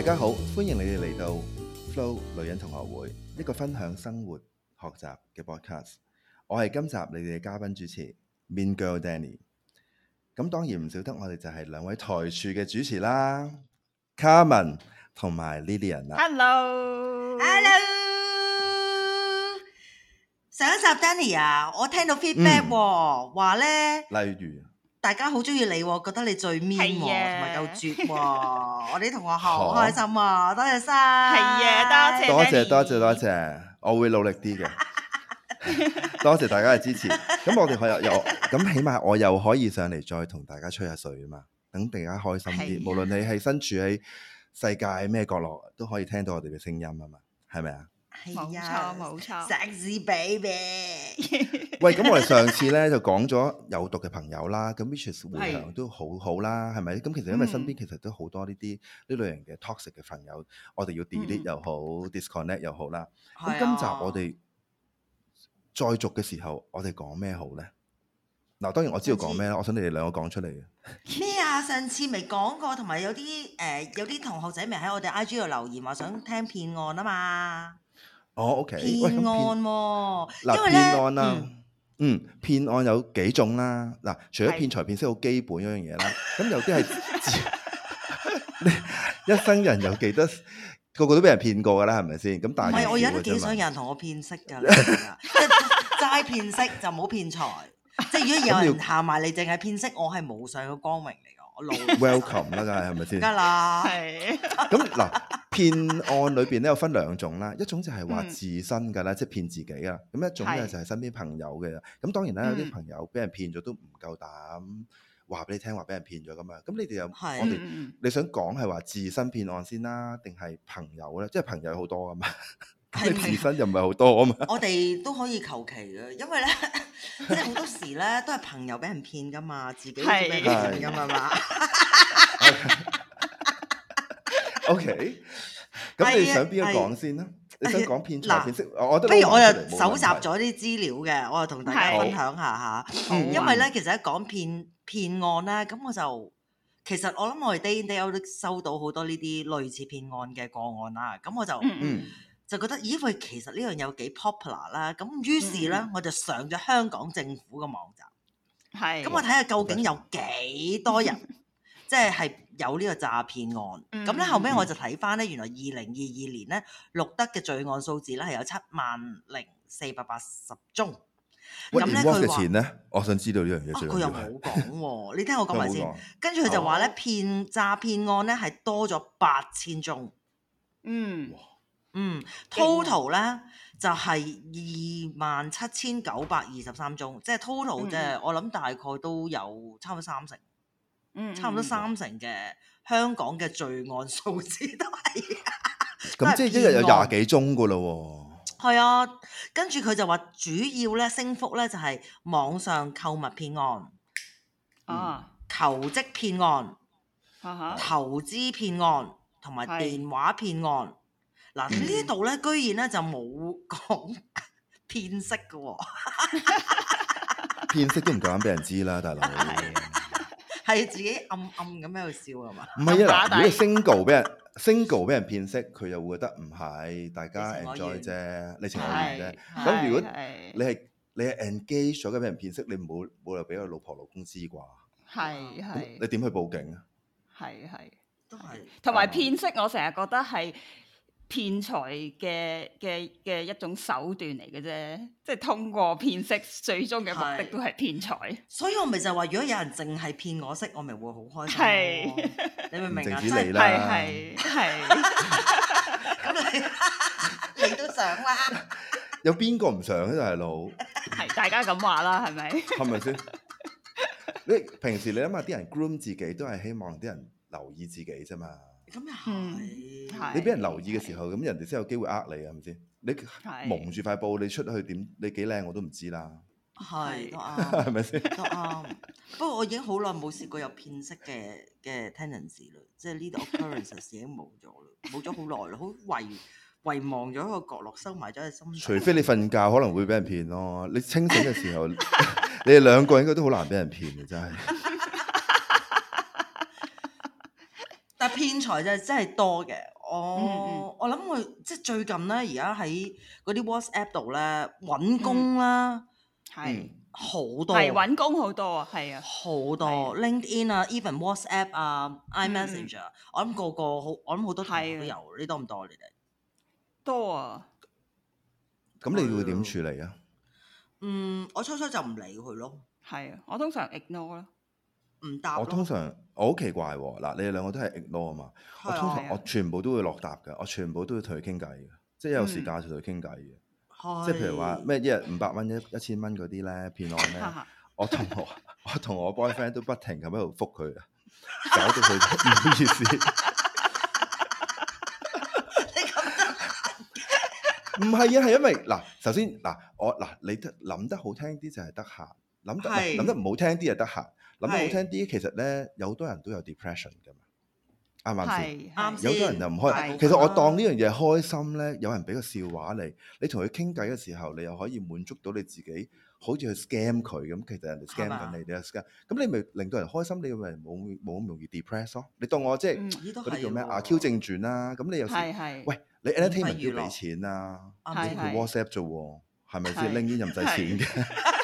大家好，歡迎你哋嚟到 Flo 女人同學會，一個分享生活、學習嘅 podcast。我係今集你哋嘅嘉賓主持 Mean Girl Denny。咁當然唔少得我哋就係兩位台柱嘅主持啦，Carmen 同埋 Lillian。Hello，Hello。上一集 Denny 啊，我聽到 feedback 話呢。例如點？大家好中意你喎，覺得你最 m e a 同埋又絕喎，我啲同學好開心啊！多謝晒！係啊，多謝多謝多謝多謝，我會努力啲嘅， 多謝大家嘅支持。咁 我哋可又又咁，起碼我又可以上嚟再同大家吹下水啊嘛，等大家開心啲。 無論你係身處喺世界咩角落，都可以聽到我哋嘅聲音啊嘛，係咪啊？係啊，冇錯冇錯，sexy baby。喂，咁我哋上次咧就講咗有毒嘅朋友啦。咁 whiches 回響都好好啦，係咪？咁其實因為身邊其實都好多呢啲呢類型嘅 toxic 嘅朋友，我哋要 delete 又好，disconnect 又好啦。咁今集我哋再續嘅時候，我哋講咩好咧？嗱，當然我知道講咩啦。我想你哋兩個講出嚟嘅咩啊？上次未講過，同埋有啲誒有啲同學仔咪喺我哋 IG 度留言話想聽騙案啊嘛。哦，OK，喂，嗱，騙案啦，嗯，騙案有幾種啦，嗱，除咗騙財騙色好基本嗰樣嘢啦，咁有啲係，一生人有幾多，個個都俾人騙過噶啦，係咪先？咁但係，唔係，我而家都幾想有人同我騙色㗎，齋騙色就唔好騙財，即係如果有人行埋你，淨係騙色，我係無上嘅光明嚟。 Welcome 啦，梗係係咪先？得啦， 係。咁嗱，騙案裏邊咧有分兩種啦，一種就係話自身嘅啦，嗯、即係騙自己啦。咁一種咧就係身邊朋友嘅。咁是當然啦，有啲、嗯、朋友俾人騙咗都唔夠膽話俾你聽，話俾人騙咗噶嘛。咁你哋又是我哋你想講係話自身騙案先啦，定係朋友咧？即係朋友好多噶嘛。 你自身又唔係好多啊嘛，是是 我哋都可以求其嘅，因為咧，即係好多時咧都係朋友俾人騙噶嘛，自己都中咗上當嘛。OK，咁你想邊一講先咧？啊、你想講騙財騙色，不如我又蒐集咗啲資料嘅，我又同大家分享下吓。是嗯、因為咧，其實一講騙騙案咧，咁我就其實我諗我哋 Daily 收到好多呢啲類似騙案嘅個案啦。咁我就嗯。就覺得咦？佢其實呢樣有幾 popular 啦。咁於是咧，我就上咗香港政府嘅網站，係、嗯。咁我睇下究竟有幾多人，即係係有呢個詐騙案。咁咧、嗯、後尾我就睇翻咧，原來二零二二年咧，錄得嘅罪案數字咧係有七萬零四百八十宗。咁咧佢前話，我想知道呢樣嘢。佢、嗯說哦、又冇講喎， 你聽我講埋先。嗯、跟住佢就話咧，好騙詐騙案咧係多咗八千宗。嗯。嗯，total 咧就係二萬七千九百二十三宗，即係 total 即係我諗大概都有差唔多三成，差唔多三成嘅香港嘅罪案數字都係，咁即係一日有廿幾宗噶啦，係啊，跟住佢就話主要咧升幅咧就係網上購物騙案，嗯嗯嗯嗯嗯、求職騙案，投資騙案，同埋電話騙案。 呢度咧，嗯、居然咧就冇講騙色嘅喎，騙色都唔夠膽俾人知啦，大佬、啊。係、嗯、自己暗暗咁喺度笑係嘛？唔係啊，如果 single 俾人 single 俾人騙色，佢又會覺得唔係，大家 enjoy 啫，你情我願啫。咁如果你係你係 engage 咗嘅俾人騙色，你冇冇又俾佢老婆老公知啩？係係。你點去報警啊？係係，都係同埋騙色，我成日覺得係。騙財嘅嘅嘅一種手段嚟嘅啫，即係通過騙色，最終嘅目的都係騙財。所以我咪就話，如果有人淨係騙我色，我咪會好開心。你明唔明啊？係係係，咁你你都 想啦？ 有邊個唔想啊大佬？係大家咁話啦，係咪？係咪先？你平時你諗下啲人 groom 自己，都係希望啲人留意自己啫嘛。咁又係，嗯、是你俾人留意嘅時候，咁是人哋先有機會呃你啊，係咪先？你蒙住塊布，你出去點？你幾靚我都唔知啦。係都啱，係咪先？都啱。不過我已經好耐冇試過有騙色嘅嘅 tendency 啦，即係呢啲 occurrences 已經冇咗啦，冇咗好耐啦，好遺遺忘咗一個角落收埋咗喺心。除非你瞓覺可能會俾人騙咯， 你清醒嘅時候， 你哋兩個應該都好難俾人騙嘅，真係。騙財就真係多嘅，我我諗佢即係最近咧，而家喺嗰啲 WhatsApp 度咧揾工啦，係好多，係揾工好多啊，係啊，好多 LinkedIn 啊，even WhatsApp 啊，iMessage 啊，我諗個個好，我諗好多同事都有，你多唔多啊？你哋多啊？咁你會點處理啊？嗯，我初初就唔理佢咯，係啊，我通常 ignore 咯，唔答。我通常。我好奇怪喎、哦！嗱，你哋兩個都係 ignore 啊嘛，啊我通常、啊、我全部都會落答嘅，我全部都會同佢傾偈嘅，即係有時間同佢傾偈嘅，嗯、即係譬如話咩一日五百蚊，一一千蚊嗰啲咧騙案咧， 我同我我同我 boyfriend 都不停咁喺度覆佢嘅，搞到佢唔好意思。唔係啊，係因為嗱，首先嗱，我嗱，你諗得好聽啲就係得閒，諗得諗得唔好聽啲就得閒。是 諗得好聽啲，其實咧有多人都有 depression 㗎嘛，啱唔啱先？有多人就唔開，其實我當呢樣嘢開心咧，有人俾個笑話你，你同佢傾偈嘅時候，你又可以滿足到你自己，好似去 scam 佢咁，其實人哋 scam 緊你，你 scam 咁你咪令到人開心，你咪冇冇咁容易 depress 咯。你當我即係嗰啲叫咩阿 Q 正傳啦，咁你有時喂你 entertainment 要俾錢啊，你唔啱？佢 WhatsApp 啫喎，係咪先拎啲淫使錢嘅？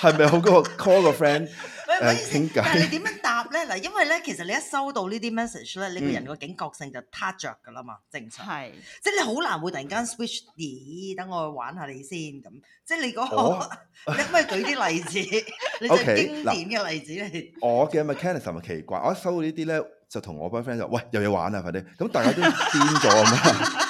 係咪 好個 call 個 friend？喂喂，但係你點樣答咧？嗱，因為咧，其實你一收到呢啲 message 咧，你個人個警覺性就撻着㗎啦嘛，正常。係是，即係你好難會突然間 switch 啲，等我去玩下你先咁。即係你嗰、那個，可唔、哦、可以舉啲例子？ okay, 你最經典嘅例子係我嘅 mechanism 係咪奇怪？我一收到呢啲咧，就同我班 friend 就喂有嘢玩啊，快啲！咁大家都癲咗咁樣。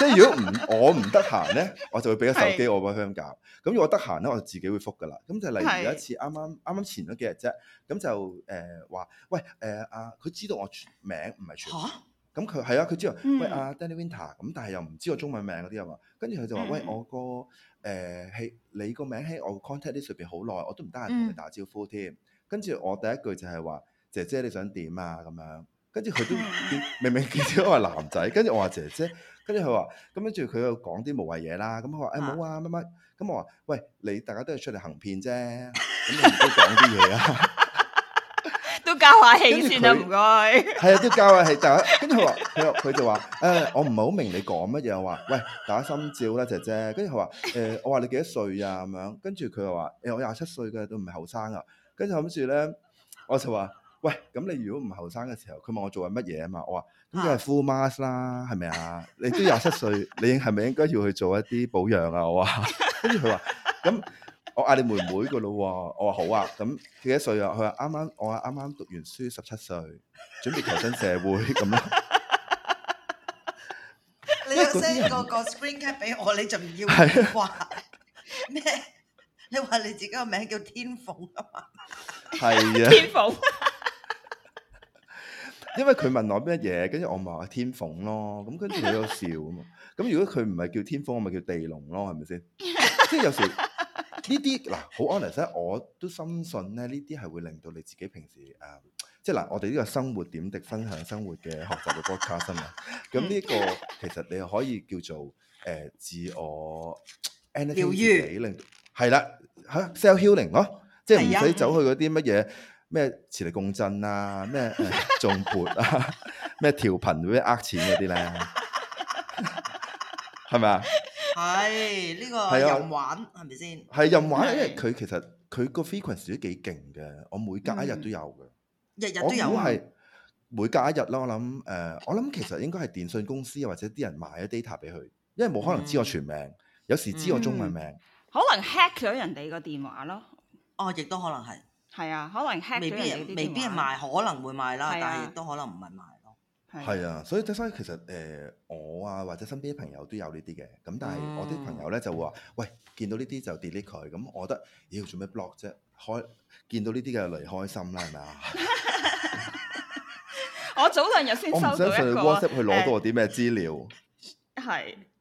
即係如果唔我唔得閒咧，我就會俾個手機 是我個 friend 搞。咁如果得閒咧，我就自己會覆㗎啦。咁就例如有一次啱啱啱啱前咗幾日啫。咁就誒話、呃，喂誒、呃、啊，佢知道我名全名唔係全名。嚇！咁佢係啊，佢、啊、知道。嗯、喂阿、啊、Danny Winter。咁但係又唔知我中文名嗰啲又話。跟住佢就話，嗯、喂我個誒喺你個名喺我 contact 啲隨便好耐，我都唔得閒同你打招呼添。跟住、嗯、我第一句就係話，姐姐，姐你想點啊？咁樣。跟住佢都明明見到我係男仔，跟住我話姐姐，跟住佢話咁，跟住佢又講啲無謂嘢啦。咁佢話誒冇啊，乜乜。咁我話喂，你大家都係出嚟行騙啫，咁你唔該講啲嘢啊，都教下氣算啊，唔該。係啊，都教下氣，大家。跟住佢話佢話佢就話誒，我唔係好明你講乜嘢。我話喂，打心照啦，姐姐。跟住佢話誒，我話你幾多歲啊？咁樣。跟住佢又話誒，我廿七歲嘅，都唔係後生啊。跟住諗住咧，我就話。喂，咁你如果唔後生嘅時候，佢問我做緊乜嘢啊嘛？我話應該係 full mask 啦，係咪啊？你都廿七歲，你係咪應該要去做一啲保養啊？我話，跟住佢話，咁我嗌你妹妹個咯喎，我話好啊，咁幾多歲啊？佢話啱啱，我話啱啱讀完書十七歲，準備投身社會咁咯。你有 send 個個 screen cap 俾我，你就唔要話咩？你話你自己個名叫天鳳啊嘛？係啊，天鳳。因為佢問我咩嘢，跟住我咪話天鳳咯，咁跟住佢都笑咁啊。咁如果佢唔係叫天鳳，咪叫地龍咯，係咪先？ 即係有時呢啲嗱，好 honest，我都深信咧，呢啲係會令到你自己平時誒、嗯，即係嗱，我哋呢個生活點滴分享生活嘅學習嘅 broadcast 啊。咁呢個其實你可以叫做誒、呃、自我療愈於，係啦嚇、啊、self healing 咯，即係唔使走去啲乜嘢。的咩磁力共振啊，咩重撥啊，咩調頻嗰啲呃錢嗰啲咧，係咪啊？係呢、哎，這個係啊，人玩係咪先？係人玩，因為佢其實佢個 frequency 都幾勁嘅，我每隔一日都有嘅，日日都有。如果係每隔一日啦，我諗誒、呃，我諗其實應該係電信公司或者啲人買咗 data 俾佢，因為冇可能知我全名，嗯、有時知我中文名，嗯、可能 hack 咗人哋個電話咯，哦，亦都可能係。係啊，可能未必未必賣，賣可能會賣啦，啊、但亦都可能唔係賣咯。係啊，啊，所以即所以其實誒、呃、我啊或者身邊啲朋友都有呢啲嘅，咁但係我啲朋友咧就會話：喂，見到呢啲就 delete 佢。咁、嗯、我覺得，妖做咩 block 啫？開見到呢啲嘅嚟開心啦，係咪啊？我早兩日先收咗一個。我唔相信 WhatsApp 去攞到我啲咩資料。係、呃。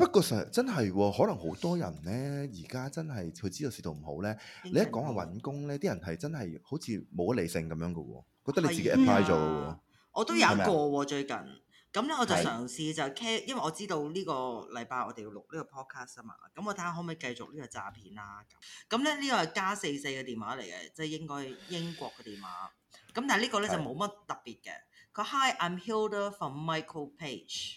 不過真係可能好多人呢，而家真係佢知道市道唔好呢。你一講話揾工呢，啲人係真係好似冇理性咁樣嘅喎。覺得你自己 apply 咗喎，我都有過喎。的最近咁呢，我就嘗試就 c 的因為我知道呢個禮拜我哋要錄呢個 podcast 啊嘛。咁我睇下可唔可以繼續呢個詐騙啦。咁呢，呢個係加四四嘅電話嚟嘅，即係應該英國嘅電話。咁但係呢個呢，就冇乜特別嘅。佢的 Hi，I'm Hilda from Michael Page。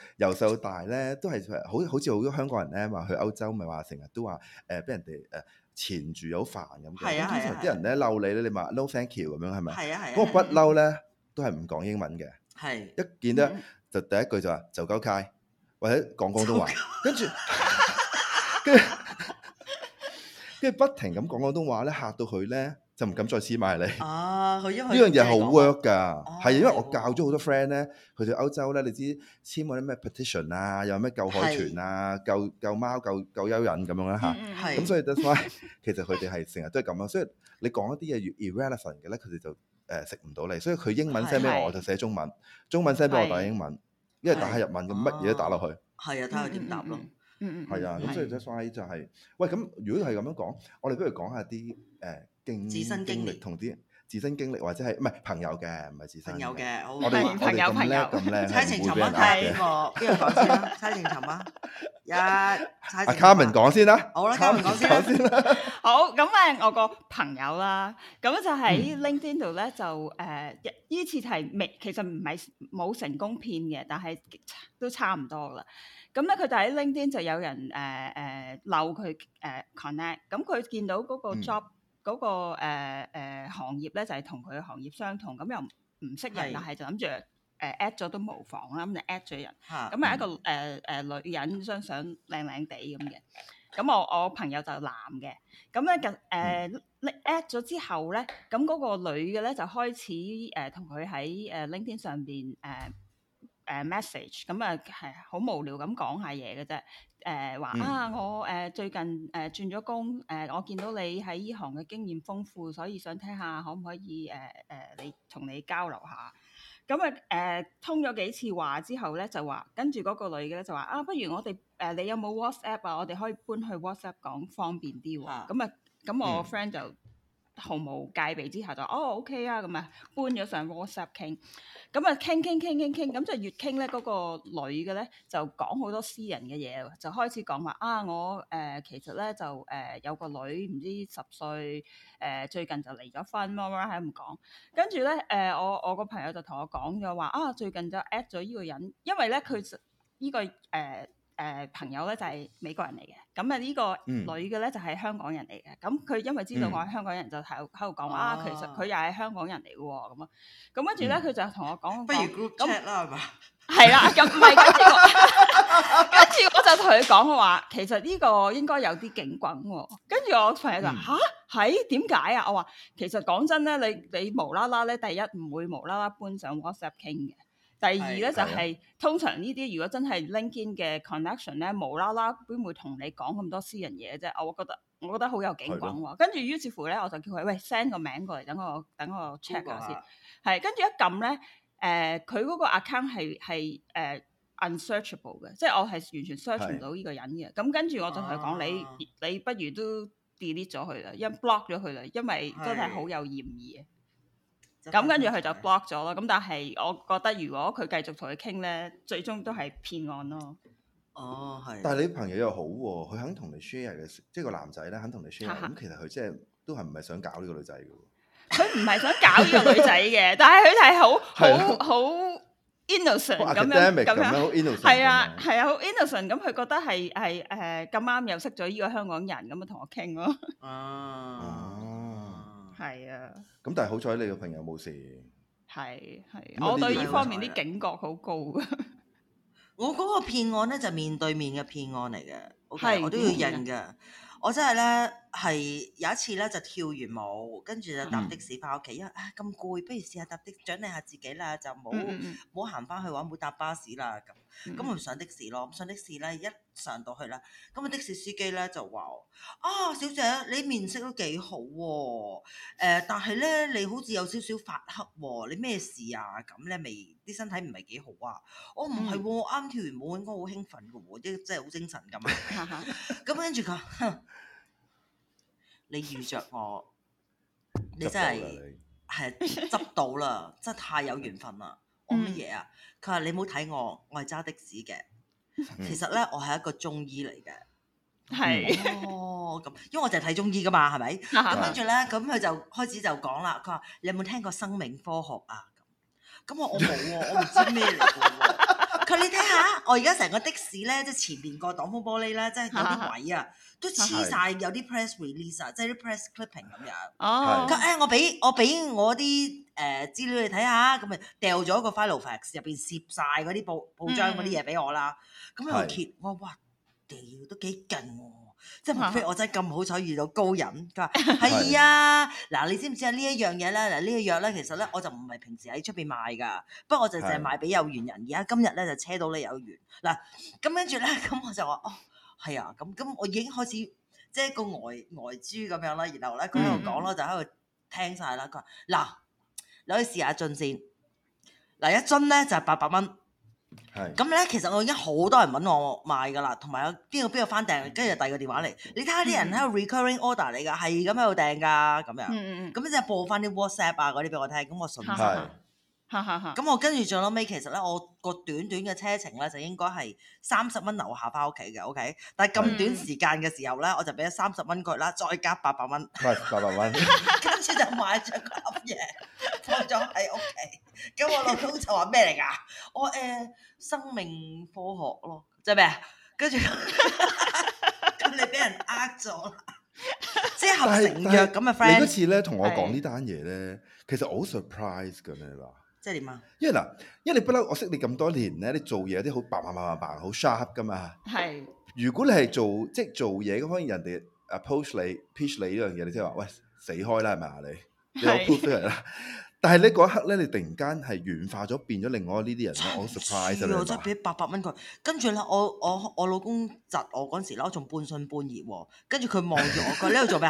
由細到大咧，都係好好似好多香港人咧，話去歐洲咪話成日都話誒，俾、呃、人哋誒纏住又好煩咁嘅。通常啲人咧嬲你咧，你話 no thank you 咁樣係咪？嗰、啊、個不嬲咧，都係唔講英文嘅。係、啊、一見得，就第一句就話就夠街，或者講廣東話，跟住跟住跟住不停咁講廣東話咧，嚇到佢咧。就唔敢再黐埋你。哦、啊，呢樣嘢好 work 㗎，係、啊、因為我教咗好多 friend 咧，佢哋歐洲咧，你知簽嗰啲咩 petition 啊，有咩救海豚啊的救救貓救、救救貓、救救蚯蚓咁樣啦嚇。咁、嗯嗯、所以 that's why 其實佢哋係成日都係咁啊。所以你講一啲嘢越 irrelevant 嘅咧，佢哋就誒食唔到你。所以佢英文 send 俾我，的我就寫中文；中文 send 俾我，打英文的，因為打下日文咁乜嘢都打落去。係啊、嗯，睇下點答咯。嗯嗯嗯，係啊，咁所以就就係，喂，咁如果係咁樣講，我哋不如講下啲誒經自身經歷同啲自身經歷或者係唔係朋友嘅，唔係自身有嘅，我哋朋友朋友，咁叻咁叻，唔會俾人蝦嘅。邊個講先啊？猜情尋啊！一阿 Carmen 講先啦。好啦，Carmen 講先啦。好咁誒，我個朋友啦，咁就喺 LinkedIn 度咧，就誒，呢次係未，其實唔係冇成功騙嘅，但係都差唔多啦。咁咧，佢就喺、嗯、LinkedIn 就有人誒誒溜佢誒 connect。咁佢見到嗰個 job 嗰、呃、個誒、呃、行業咧，就係同佢行業相同。咁又唔識人，的但係就諗住誒 at 咗都無妨啦。咁就 at 咗人。咁係蕁一個誒誒、嗯呃、女人張相，靚靚哋咁嘅。咁我我朋友就男嘅。咁咧，近誒 at 咗之後咧，咁嗰個女嘅咧就開始誒同、呃、佢喺誒 LinkedIn 上邊誒。呃誒、uh, message 咁啊、uh, mm，係好無聊咁講下嘢嘅啫。誒話啊，我誒最近誒轉咗工，誒我見到你喺呢行嘅經驗豐富，所以想聽下可唔可以誒誒你同你交流下。咁啊誒通咗幾次話之後咧，就話跟住嗰個女嘅咧就話啊，不如我哋誒你有冇 WhatsApp 啊？我哋可以搬去 WhatsApp 講方便啲喎。咁啊咁我 friend 就。毫無戒備之下就哦 OK 啊，咁啊搬咗上 WhatsApp 傾。咁啊傾傾傾傾傾，咁就越傾咧，嗰個女嘅咧就講好多私人嘅嘢，就開始講話啊我誒、呃、其實咧就誒、呃、有個女唔知十歲誒、呃、最近就離咗婚乜乜喺度講，跟住咧誒我我個朋友就同我講咗話啊最近就 at 咗依個人，因為咧佢呢、呢個誒。呃誒朋友咧就係美國人嚟嘅，咁啊呢個女嘅咧就係香港人嚟嘅，咁佢因為知道我係香港人，就喺度喺度講啊，其實佢又係香港人嚟喎，咁啊，咁跟住咧佢就同我講，不如 group chat 啦，係嘛？係啦，咁唔係，跟住跟住我就同佢講，我話其實呢個應該有啲警棍喎。跟住我朋友就話嚇，係點解啊？我話其實講真咧，你你無啦啦咧，第一唔會無啦啦搬上 WhatsApp 傾嘅。第二咧的就係、是、通常呢啲如果真係 LinkedIn 嘅 connection 咧，無啦啦邊會同你講咁多私人嘢啫？我覺得我覺得好有警覺喎、啊。跟住的於是乎咧，我就叫佢喂 send 個名過嚟，等我等我 check 下先。係跟住一撳咧，誒、呃、佢嗰個 account 係係誒、呃、unsearchable 嘅，即係我係完全 search 唔到呢個人嘅。咁跟住我就同佢講你你不如都 delete 咗佢啦，一 block 咗佢啦，因為真係好有嫌疑嘅。的咁跟住佢就 block 咗咯，咁但係我覺得如果佢繼續同佢傾咧，最終都係騙案咯。哦，係。但係你啲朋友又好，佢肯同你 share 嘅，即係個男仔咧肯同你 share，咁其實佢即係都係唔係想搞呢個女仔嘅。佢唔係想搞呢個女仔嘅，但係佢係好好好 innocent 咁樣咁樣 innocent，係啊係啊，innocent 咁佢覺得係係誒咁啱又識咗依個香港人，咁啊同我傾咯。啊。係啊，咁但係好彩你個朋友冇事。係係，我對呢方面啲警覺好高啊！ 我嗰個騙案咧就係、面對面嘅騙案嚟嘅，OK，我都要認噶，的我真係咧。係有一次咧，就跳完舞，跟住就搭的士翻屋企。因為咁攰，不如試下搭的，獎勵下自己啦，就冇冇行翻去，或者冇搭巴士啦。咁咁我上的士咯，咁上的士咧一上到去啦，咁啊的士司機咧就話：啊小姐，你面色都幾好喎，啊呃，但係咧你好似有少少發黑喎，啊，你咩事啊？咁咧未啲身體唔係幾好啊？我唔係喎，啱，哦哦、跳完舞應該好興奮嘅喎，即真係好精神咁啊！咁跟住佢。你遇着我，你真係係執到啦， 真係太有緣分啦！我乜嘢啊？佢話 你冇睇我，我係揸的士嘅。其實咧，我係一個中醫嚟嘅。係哦，咁 因為我就係睇中醫噶嘛，係咪？咁跟住咧，咁 佢就開始就講啦。佢話：你有冇聽過生命科學啊？咁我我冇喎， 我唔知咩嚟嘅喎。佢你睇下，我而家成個的士咧，即係前面個擋風玻璃咧，真係有啲鬼啊！都黐晒，有啲 press release 啊，即係啲 press clipping 咁樣。哦，佢我俾我俾我啲誒資料你睇下，咁咪掉咗一個 file fax 入邊攝晒嗰啲報報章嗰啲嘢俾我啦。咁又、嗯、揭，是我話哇，屌都幾勁喎！即係莫非我真係咁好彩遇到高人？佢話係啊，嗱，你知唔知啊呢一樣嘢咧？嗱呢個藥咧，其實咧我，我就唔係平時喺出邊賣㗎，不過我就淨係賣俾有緣人。而家今日咧就車到你有緣嗱，咁跟住咧咁我就話哦。係啊，咁咁我已經開始即係個呆呆豬咁樣啦，然後咧佢喺度講啦，嗯、就喺度聽晒啦。佢話嗱，你可以試下樽先，嗱一樽咧就係八百蚊。係是。咁咧其實我已經好多人揾我買噶啦，同埋有邊個邊個翻訂，跟住第二個電話嚟。你睇下啲人喺度 recurring order 嚟㗎，係咁喺度訂㗎，咁樣。嗯嗯嗯。咁、嗯、即係播翻啲 WhatsApp 啊嗰啲俾我聽，咁我信曬。哈哈。咁我跟住最屘尾，其實咧，我個短短嘅車程咧，就應該係三十蚊樓下返屋企嘅，OK？但係咁短時間嘅時候咧，我就俾咗三十蚊佢啦，再加八百蚊，唔係八百蚊，跟住 就買咗盒嘢，放咗喺屋企。咁我老公就話咩嚟㗎？ 我誒生命科學咯，即係咩？ 是 跟住咁你俾人呃咗啦，即係成約咁嘅 friend。你嗰次咧同我講呢單嘢咧，其實我好 surprise 㗎咩？啦。即係點啊？因為嗱，因為你不嬲，我識你咁多年咧，你做嘢啲好白麻麻麻好 sharp 噶嘛。係是。如果你係做即係做嘢，咁可能人哋 approach 你、pitch 你呢樣嘢，你即係話喂死開啦，係咪啊？你是你有 push 啦。但係呢嗰一刻咧，你突然間係軟化咗，變咗另外呢啲人， 我好 surprise 咗啦。 真係俾八百蚊佢，跟住咧，我我我老公窒我嗰陣時，我仲半信半疑喎。跟住佢望住我，佢喺度做咩？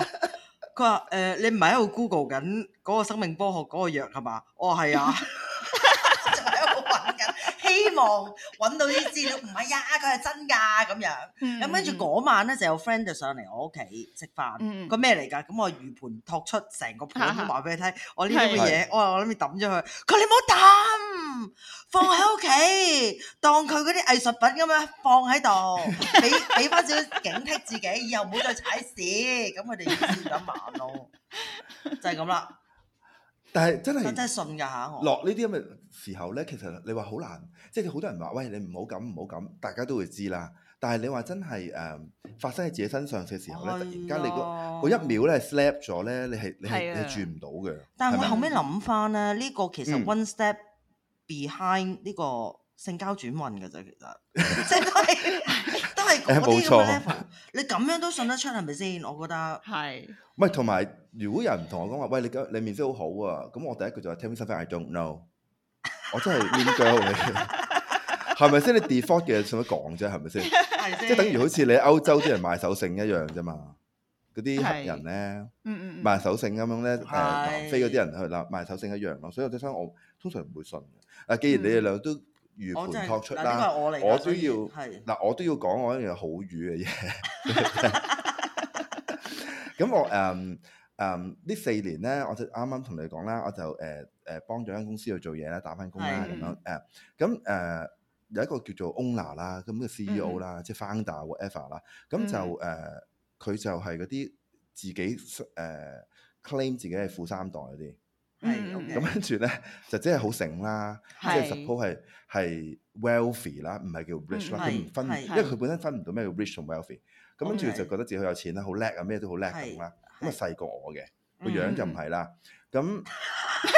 佢話，誒，你唔係喺度 Google 緊嗰個生命科學嗰個藥係嘛？我話係啊。 希望揾到啲資料，唔係啊，佢係真噶咁、啊、樣。咁跟住嗰晚咧，就有 friend 就上嚟我屋企食飯。個咩嚟㗎？咁我和盤托出成個盤都話俾你睇，我呢啲嘅嘢，我我諗住抌咗佢。佢，你唔好抌，放喺屋企， 當佢嗰啲藝術品咁樣放喺度，俾俾翻少少警惕自己，以後唔好再踩屎。咁佢哋笑緊麻路，就係咁啦。 但係真係，真係信㗎、落呢啲咁嘅時候咧，其實你話好難，即係好多人話，喂，你唔好咁唔好咁，大家都會知啦。但係你話真係誒、呃、發生喺自己身上嘅時候咧，啊、突然間你個一秒咧 slap 咗咧，你係你係、啊、你轉唔到嘅。但係我後尾諗翻咧，呢吧個其實 one step behind 呢、嗯呢個。性交轉運嘅啫，其實即係都係都係嗰啲咁嘅 level，你咁樣都信得出係咪先？我覺得係。唔係，同埋如果有人同我講話，喂你今你面色好好啊，咁我第一句就係 tell me something I don't know，我真係 mean girl，係咪先？你 default 嘅信乜講啫，係咪先？即係等於好似你歐洲啲人賣手性一樣啫嘛，嗰啲黑人咧賣手性咁樣咧，誒南非嗰啲人去啦賣手性一樣咯，所以我就想我通常唔會信嘅。啊，既然你哋兩都～和盤托出啦，我都要嗱， 我都要講我一樣好瘀嘅嘢。咁我誒誒呢四年咧，我就啱啱同你講啦，我就誒誒、uh, uh, 幫咗間公司去做嘢啦，打返工啦咁的、嗯、樣誒。咁、uh, 誒有一個叫做 Owner 啦，咁嘅 CEO 啦，即係 Founder whatever 啦，咁、uh, 就誒佢就係嗰啲自己誒、uh, claim 自己係富三代嗰啲。係咁跟住咧，就即係好醒啦，即係 suppose 係係 wealthy 啦，唔係叫 rich 啦，佢唔分，因為佢本身分唔到咩叫 rich 同 wealthy。咁跟住就覺得自己好有錢啦，好叻啊，咩都好叻咁啦。咁啊細過我嘅，個樣就唔係啦。咁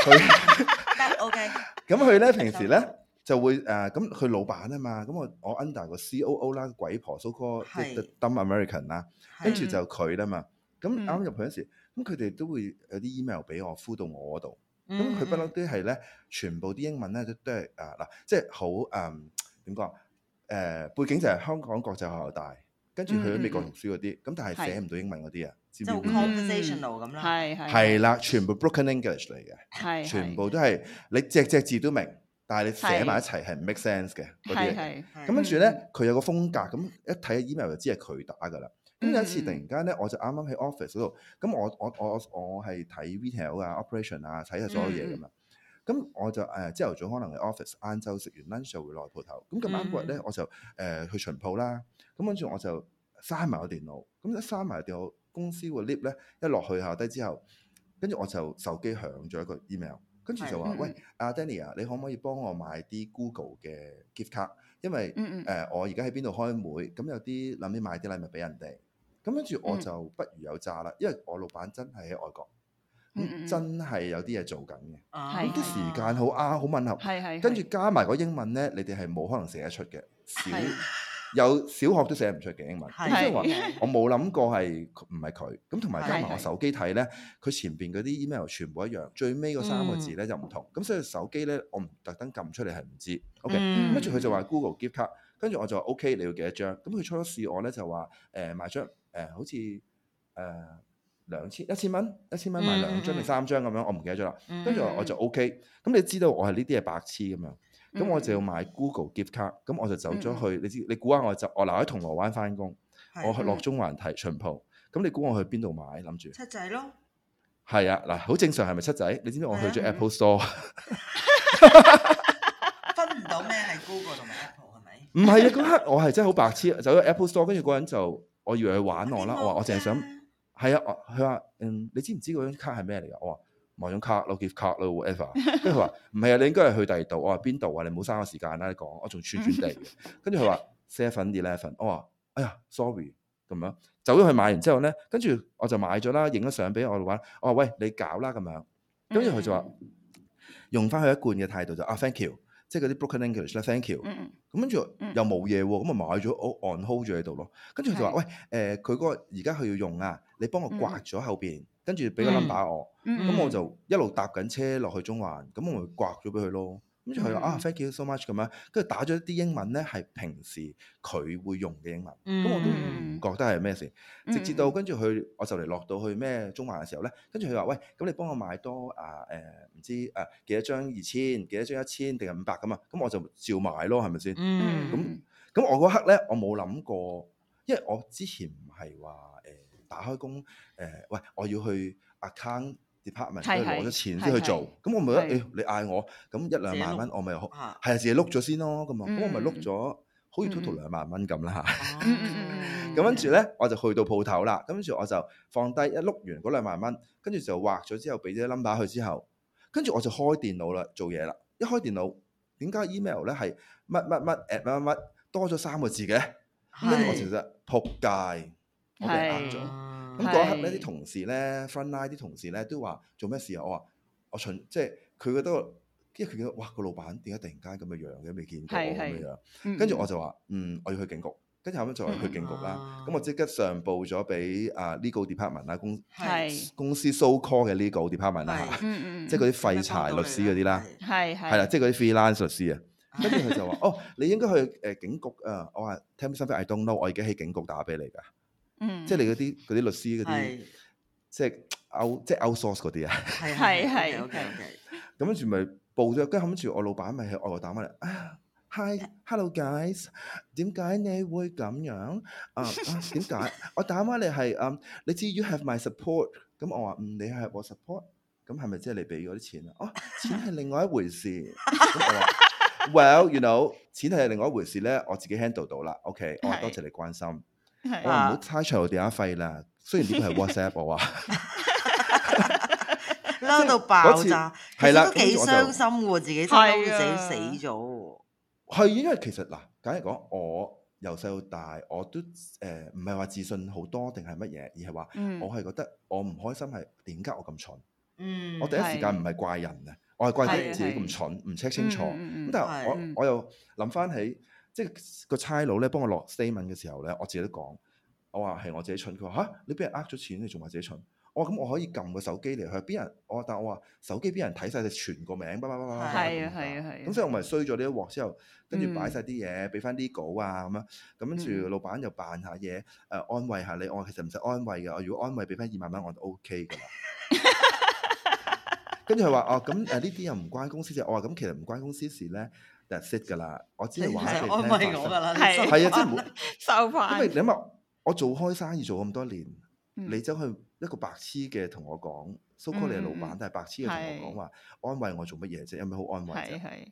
佢，但係 OK。咁佢咧平時咧就會誒，咁佢老闆啊嘛，咁我我 under 個 COO 啦，鬼婆 so called the dumb American 啦，跟住就佢啦嘛。咁啱入去嗰時。咁佢哋都會有啲 email 俾我，呼到我嗰度。咁佢不嬲都係咧，全部啲英文咧都都係嗱，即係好誒點講？誒、就係呃、背景就係香港國際學校大，跟住去咗美國讀書嗰啲，咁但係寫唔到英文嗰啲啊，知唔知啊？嗯、就 conversational 咁咯、嗯，係係係啦，全部 broken English 嚟嘅，係全部都係你隻隻字都明，但係你寫埋一齊係唔 make sense 嘅嗰啲嘢。咁、嗯、跟住咧，佢有個風格，咁一睇 email 就知係佢打㗎喇。咁有一次突然間咧，我就啱啱喺 office 度。咁、嗯、我我我我係睇 retail 啊、operation 啊，睇下所有嘢噶嘛。咁、嗯、我就誒朝頭早可能喺 office，晏晝食完 lunch 就落去鋪頭。咁咁啱嗰日咧，嗯、我就誒、呃、去巡鋪啦。咁跟住我就閂埋個電腦。咁一閂埋個電腦，公司個 lift 咧一落去下低之後，跟住我就手機響咗一個 email，跟住就話：嗯、喂，阿、啊、Denny 啊，你可唔可以幫我買啲 Google 嘅 gift card？因為誒、呃、我而家喺邊度開會，咁有啲諗住買啲禮物俾人哋。咁跟住我就不如有詐啦，因為我老闆真係喺外國，嗯、真係有啲嘢做緊嘅，咁啲、啊、時間好啱，好吻合。係係係跟住加埋個英文呢，你哋係冇可能寫得出嘅，小係係有小學都寫唔出嘅英文。咁即係話我冇諗過係唔係佢。咁同埋加埋我手機睇呢，佢係係 前邊嗰啲 email 全部一樣，最尾嗰三個字呢就唔同。咁、嗯、所以手機呢，我唔特登撳出嚟係唔知。OK、嗯、跟住佢就話 Google gift card，跟住我就話 OK，你要幾多張？咁佢初初試我呢就，就話誒買張。誒、呃，好似誒兩千一千蚊，一千蚊買兩張定三張咁樣，我唔記得咗啦。跟住、嗯、我就 O K，咁你知道我係呢啲係白痴咁樣，咁、嗯、我就要買 Google gift 卡，咁我就走咗去。嗯、你知你估下我就我留喺銅鑼灣翻工，嗯、我,我去落中環提巡鋪，咁你估我去邊度買諗住七仔咯？係啊，嗱，好正常係咪七仔？你知唔知我去咗 Apple Store？ 分唔到咩係 Google 同埋 Apple 係咪？唔 係啊，嗰刻我係真係好白痴，走咗 Apple Store，跟住個人就。我以為佢玩我啦，我話我淨係想，係啊，佢話嗯，你知唔知嗰張卡係咩嚟㗎？我話咩張卡囉 gift card 囉 whatever，跟住佢話唔係啊，你應該係去第二度，我話邊度啊？你冇嘥我時間啦，你講，我仲串轉地，跟住佢話 seven eleven，我話哎呀，sorry，咁樣走咗去買完之後咧，跟住我就買咗啦，影咗相俾我哋玩，我話喂你搞啦咁樣，跟住佢就話用翻佢一貫嘅態度就啊，thank you。即係嗰啲 broken English 啦 thank you，咁跟住又冇嘢喎，咁咪買咗，我 on hold 咗喺度咯，跟住佢就話，喂，誒、呃，佢嗰個而家佢要用啊，你幫我刮咗後邊，跟住俾個 number 我，咁、嗯嗯、我就一路搭緊車落去中環，咁我咪刮咗俾佢咯。跟住佢話啊，thank you so much 咁樣，跟住打咗啲英文呢，係平時佢會用嘅英文，咁、嗯、我都唔覺得係咩事。直至到跟住佢，我就嚟落到去咩中環嘅時候呢。跟住佢話喂，咁你幫我買多啊誒，唔、呃、知誒幾多張二千，幾多張一千，定係五百咁啊？咁我就照買咯，係咪先？嗯，咁咁我嗰刻呢，我冇諗過，因為我之前唔係話誒打開工、呃、喂，我要去 account。department，所以攞咗錢先去做，咁我咪覺得，誒，你嗌我，咁一兩萬蚊，我咪好，係啊，自己碌咗先咯，咁啊，咁我咪碌咗，好似 total 兩萬蚊咁啦嚇。咁跟住咧，我就去到鋪頭啦，咁跟住我就放低一碌完嗰兩萬蚊，跟住就畫咗之後俾咗 number 去之後，跟住我就開電腦啦，做嘢啦。一開電腦，點解 email 咧係乜乜乜 at 乜乜多咗三個字嘅？跟住我其實仆街，我哋誤咗。咁嗰刻咧，啲同事咧 front line 啲同事咧都話：做咩事啊？我話：我蠢，即係佢覺得，因為佢覺得，哇！個老闆點解突然間咁嘅樣嘅？未見過咁嘅樣。跟住我就話：嗯，我要去警局。跟住後屘就話去警局啦。咁我即刻上報咗俾啊 legal department 啦，公公司 so call 嘅 legal department 啦吓，即係嗰啲廢柴律師嗰啲啦。係係。係啦，即係嗰啲 freelance 律師啊。跟住佢就話：哦，你應該去誒警局啊！我話：tell me something I don't know，我而家喺警局打俾你㗎。嗯，即係你嗰啲嗰啲律師嗰啲，即係 out 即係 outsource 嗰啲啊。係係，OK OK。咁跟住咪報咗，跟住我老闆咪喺外國打翻嚟。Hi，hello guys，點解你會咁樣？啊，點解我打翻嚟係啊？你知 you have my support，咁我話嗯，你係我 support，咁係咪即係你俾咗啲錢啊？哦，錢係另外一回事。我話 Well，you know，錢係另外一回事咧，我自己 handle 到啦。OK，我多謝你關心。我唔好猜錯我電話費啦，雖然呢個係 WhatsApp 我啊，嬲到爆炸，都幾傷心嘅，自己覺得自己死咗。係因為其實嗱，簡言講，我由細到大，我都誒唔係話自信好多定係乜嘢，而係話我係覺得我唔開心，係點解我咁蠢。嗯，我第一時間唔係怪人嘅，我係怪啲自己咁蠢，唔 check 清楚。咁但係我我又諗翻起。即係個差佬咧幫我落 statement 嘅時候咧，我自己都講，我話係我自己蠢。佢話吓？你俾人呃咗錢，你仲話自己蠢？我話咁我可以撳個手機嚟，佢話俾人？我話但我話手機俾人睇晒，就全個名，巴拉巴拉巴拉。係啊係 啊係。咁所以我咪衰咗呢一鑊之後，跟住擺晒啲嘢，俾翻啲稿啊咁樣，咁跟住老闆就扮下嘢，誒安慰下你。我話其實唔使安慰嘅，我如果安慰俾翻二萬蚊，我就 O K 嘅。 跟住佢話哦，咁誒呢啲又唔關公司事。我話咁其實唔關公司事咧？That's it 噶啦，我只係玩嘅啫，安慰我噶啦，係係啊，即係唔收牌。因為你諗下，我做開生意做咁多年，你走去一個白痴嘅同我講，so call 你係老闆，但係白痴嘅同我講話，安慰我做乜嘢啫？有咩好安慰啫？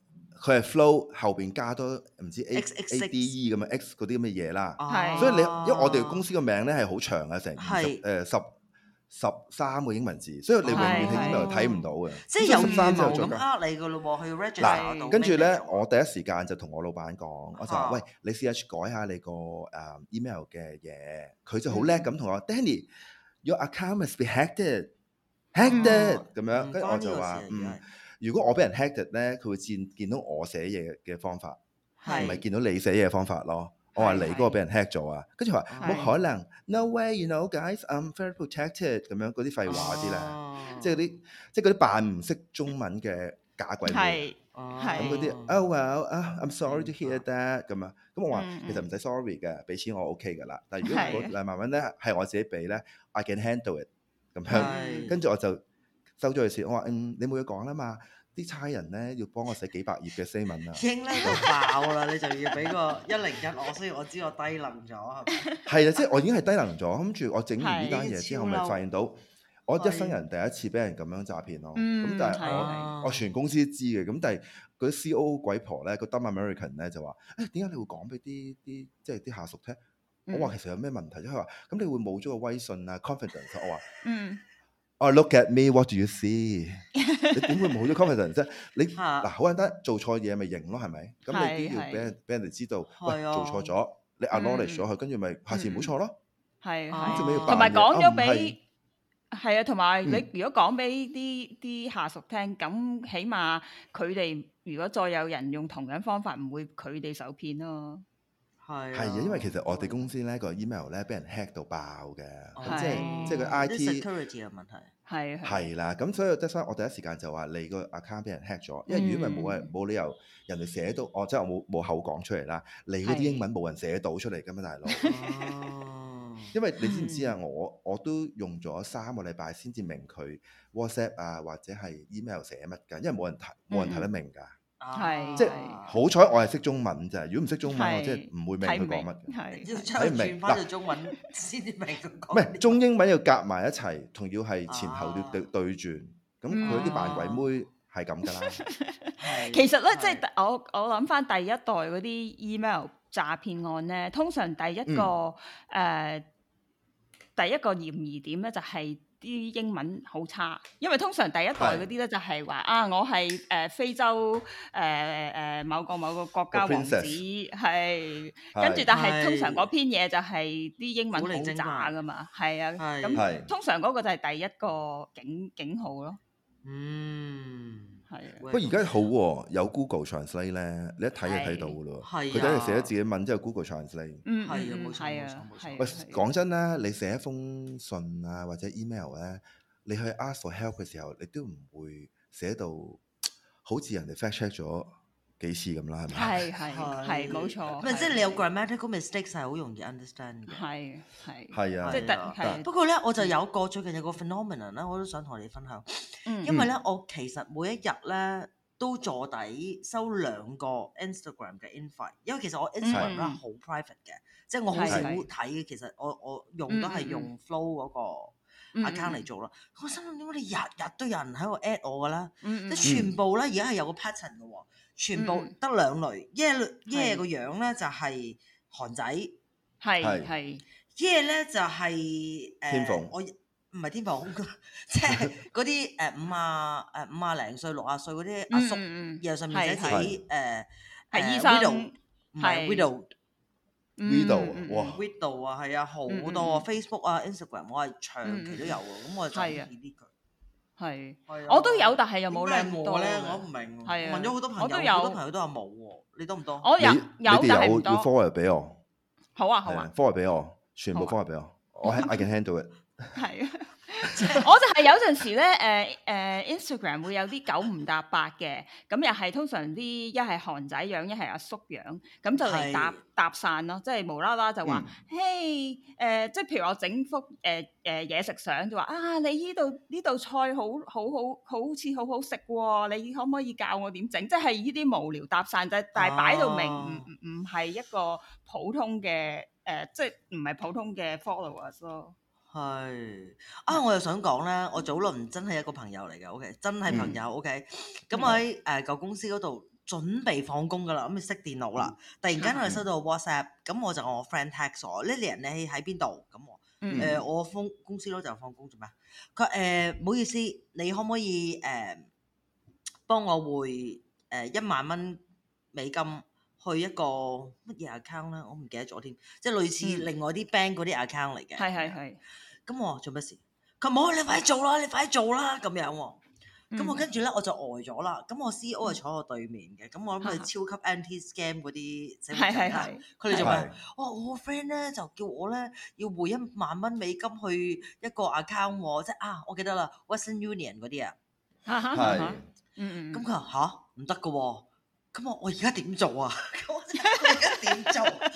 佢係 flow 後邊加多唔知 x x d e 咁啊 x 嗰啲咁嘅嘢啦，所以你因為我哋公司個名咧係好長嘅，成誒十十三個英文字，所以你永遠 email 睇唔到嘅，即係十三就咁呃你嘅咯喎，去 register 嗱，跟住咧我第一時間就同我老闆講，我就話喂，你試下去改下你個誒 email 嘅嘢。佢就好叻咁同我 Denny your account must be hacked hacked 咁樣，跟住我就話嗯。如果我俾人 hack 咗咧，佢會見見到我寫嘢嘅方法，唔係見到你寫嘢嘅方法咯。我話你嗰個俾人 hack 咗啊，跟住話冇可能，no way you know guys，I'm very protected，咁樣嗰啲廢話啲咧，即係啲即係嗰啲扮唔識中文嘅假鬼妹，咁嗰啲。Oh well，I'm sorry to hear that 咁樣。咁我話其實唔使 sorry 嘅，俾錢我 OK 噶啦。但係如果嗰兩萬蚊咧係我自己俾咧，I can handle it 咁樣。跟住我就。收咗嘅事，我話嗯，你冇嘢講啦嘛，啲差人咧要幫我寫幾百頁嘅 statement 啊，已經咧就爆啦，你就要俾個一零一，我所以我知我低能咗。係啊， 即係我已經係低能咗，諗住我整完呢單嘢之後，咪發現到我一生人第一次俾人咁樣詐騙咯。咁的、嗯、但係我，的我全公司都知嘅，咁但係嗰啲 COO 鬼婆咧，個 Dumb American 咧就話，誒點解你會講俾啲啲即係啲下屬聽？我話其實有咩問題，即係話咁你會冇咗個威信啊，confidence。我話嗯。我 look at me，what do you see？你點會冇咗 confidence 啫？你嗱，好簡單，做錯嘢咪認咯，係咪？咁你都要俾人俾人哋知道，喂，做錯咗，你 acknowledge 咗佢，跟住咪下次唔好錯咯。係，同埋講咗俾係啊，同埋你如果講俾啲啲下屬聽，咁起碼佢哋如果再有人用同樣方法，唔會佢哋受騙咯。係啊，因為其實我哋公司咧個 email 咧俾人 hack 到爆嘅，即係即係個 IT。啲 security 嘅問題係啊，係啦，咁所以即係所以我第一時間就話你個 account 俾人 hack 咗，因為如果咪冇人冇理由人哋寫到，我即係冇冇口講出嚟啦。你嗰啲英文冇人寫到出嚟㗎嘛，大佬。因為你知唔知啊？我我都用咗三個禮拜先至明佢 WhatsApp 啊或者係 email 寫乜噶，因為冇人睇冇人睇得明㗎。係，即係好彩我係識中文咋，如果唔識中文，我即係唔會明佢講乜嘅。係，睇唔明。嗱，要轉翻到中文先至明佢講。唔係，中英文要夾埋一齊，仲要係前後要對對住。咁佢啲扮鬼妹係咁㗎啦。其實咧，即係我我諗翻第一代嗰啲 email 詐騙案咧，通常第一個誒第一個嫌疑點咧就係，啲英文好差，因為通常第一代嗰啲咧就係話是啊，我係誒、呃、非洲誒誒、呃呃、某個某個國家王子，係跟住，但係通常嗰篇嘢就係啲英文好渣㗎嘛，係啊，咁通常嗰個就係第一個警警號咯。嗯。不過而家好喎、哦，有 Google Translate 咧，你一睇就睇到嘅咯。佢等於寫咗自己文之後，Google Translate 的。嗯，係啊錯，冇錯冇喂，講真啦，的你寫一封信啊，或者 email 咧、啊，你去 ask for help 嘅時候，你都唔會寫到好似人哋 fact check 咗幾次咁啦，係咪？係係係，冇 錯。即係你有 grammatical mistakes 係好容易 understand 嘅。係係係啊，即係、啊就係、不過咧，我就有個最近有個 phenomenon 啦，我都想同你分享。因為咧，我其實每一日咧都坐底收兩個 Instagram 嘅 info，因為其實我 Instagram 咧好是是 private 嘅，即係我好少睇嘅。其實我我用都係用 Flow 嗰、嗰個。阿坑嚟做咯，我心諗點解你日日都有人喺度 at 我㗎啦？即係全部咧，而家係有個 pattern 嘅喎，全部得兩類，一係個樣咧就係韓仔，係係，一係咧就係誒天鳳，我唔係天鳳嘅，即係嗰啲誒五啊誒五啊零歲六啊歲嗰啲阿叔，又上面睇仔喺誒係醫道，唔係會道。Read 度啊，哇！Read 度啊，係啊，好多啊，Facebook 啊，Instagram，我係長期都有嘅，咁我就建立佢。係，係，我都有，但係又冇靚咧，我唔明。係啊，問咗好多朋友，我都有，好多朋友都話冇喎。你多唔多？我有，有嘅係多。forward 俾我，好啊好啊，forward 俾我，全部 forward 俾我，我係 I can handle it。係啊。 我就係有陣時咧，誒、uh, 誒、uh,，Instagram 會有啲九唔搭八嘅，咁又係通常啲一係韓仔樣，一係阿叔樣，咁就嚟搭搭訕咯，即係無啦啦就話，嘿、嗯，誒、hey, 呃，即係譬如我整幅誒誒嘢食相，就話啊，你呢度呢道菜好好好好似好好食、哦，你可唔可以教我點整？即係呢啲無聊搭訕就，但係擺到明唔唔係一個普通嘅，誒、呃呃，即係唔係普通嘅 followers 咯。係啊！我又想講咧，我早輪真係一個朋友嚟嘅，O K 真係朋友，O K 咁我喺誒舊公司嗰度準備放工噶啦，咁你熄電腦啦。嗯、突然間我收到 WhatsApp，咁我就我 friend text 我 Lily，你喺邊度？咁我、嗯呃、我封公司嗰就放工做咩？佢誒唔好意思，你可唔可以誒、呃、幫我匯誒一萬蚊美金？去一個乜嘢 account 咧？我唔記得咗添，即、就、係、是、類似另外啲 bank 嗰啲、嗯、account 嚟嘅。係係係。咁我話做乜事？佢話冇，你快啲做啦，你快啲做啦咁樣喎。咁、喔、我、嗯、跟住咧我就呆咗啦。咁我 CEO 係坐我對面嘅。咁我諗佢係超級 anti scam 嗰啲社會人。係係佢哋做咩？我我 friend 咧就叫我咧要回一萬蚊美金去一個 account 啫、喔。啊，我記得啦，Western Union 嗰啲啊。係。咁佢話吓，唔得㗎喎。咁我我而家點做啊？咁我而家點做、啊？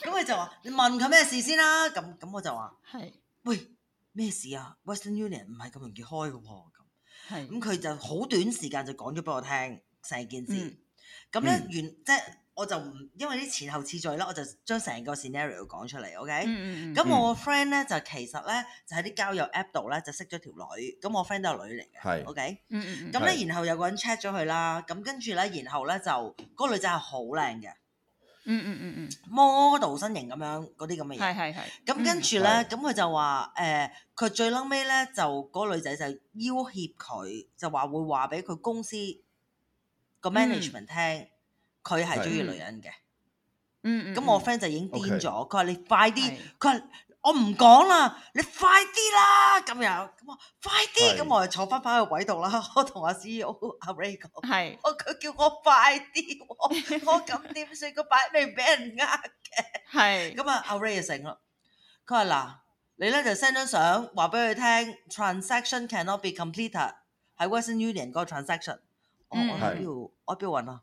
咁 佢就話：你問佢咩事先啦、啊。咁咁我就話：係的。喂，咩事啊？Western Union 唔係咁容易開嘅喎、啊。咁，咁佢就好短時間就講咗俾我聽，成件事。咁咧原即係。我就唔，因為啲前後次序啦，我就將成個 scenario 講出嚟，OK？咁我個 friend 咧就其實咧就喺啲交友 app 度咧就識咗條女，咁我 friend 都係女嚟嘅，OK？咁咧然後有個人 check 咗佢啦，咁跟住咧，然後咧就嗰個女仔係好靚嘅，嗯嗯嗯 model 身形咁樣嗰啲咁嘅嘢，係係係。咁跟住咧，咁佢就話誒，佢最撚尾咧就嗰個女仔就要挾佢，就話會話俾佢公司個 management 聽。佢係中意女人嘅。嗯，嗯嗯，咁我 friend 就已經癲咗，佢話 Okay. 你快啲，佢話是我唔講啦，你快啲啦，咁又咁我快啲，咁是我又坐翻翻去位度啦，我同阿 CEO 阿 Ray 講，係是，佢、啊、叫我快啲，我我咁點算個擺嚟俾人呃嘅，係是，咁啊阿 Ray 就醒啦，佢話嗱，你咧就 send 張相話俾佢聽，transaction cannot be completed，係 Western Union 嗰個 transaction，我我喺邊度？我喺邊度啊。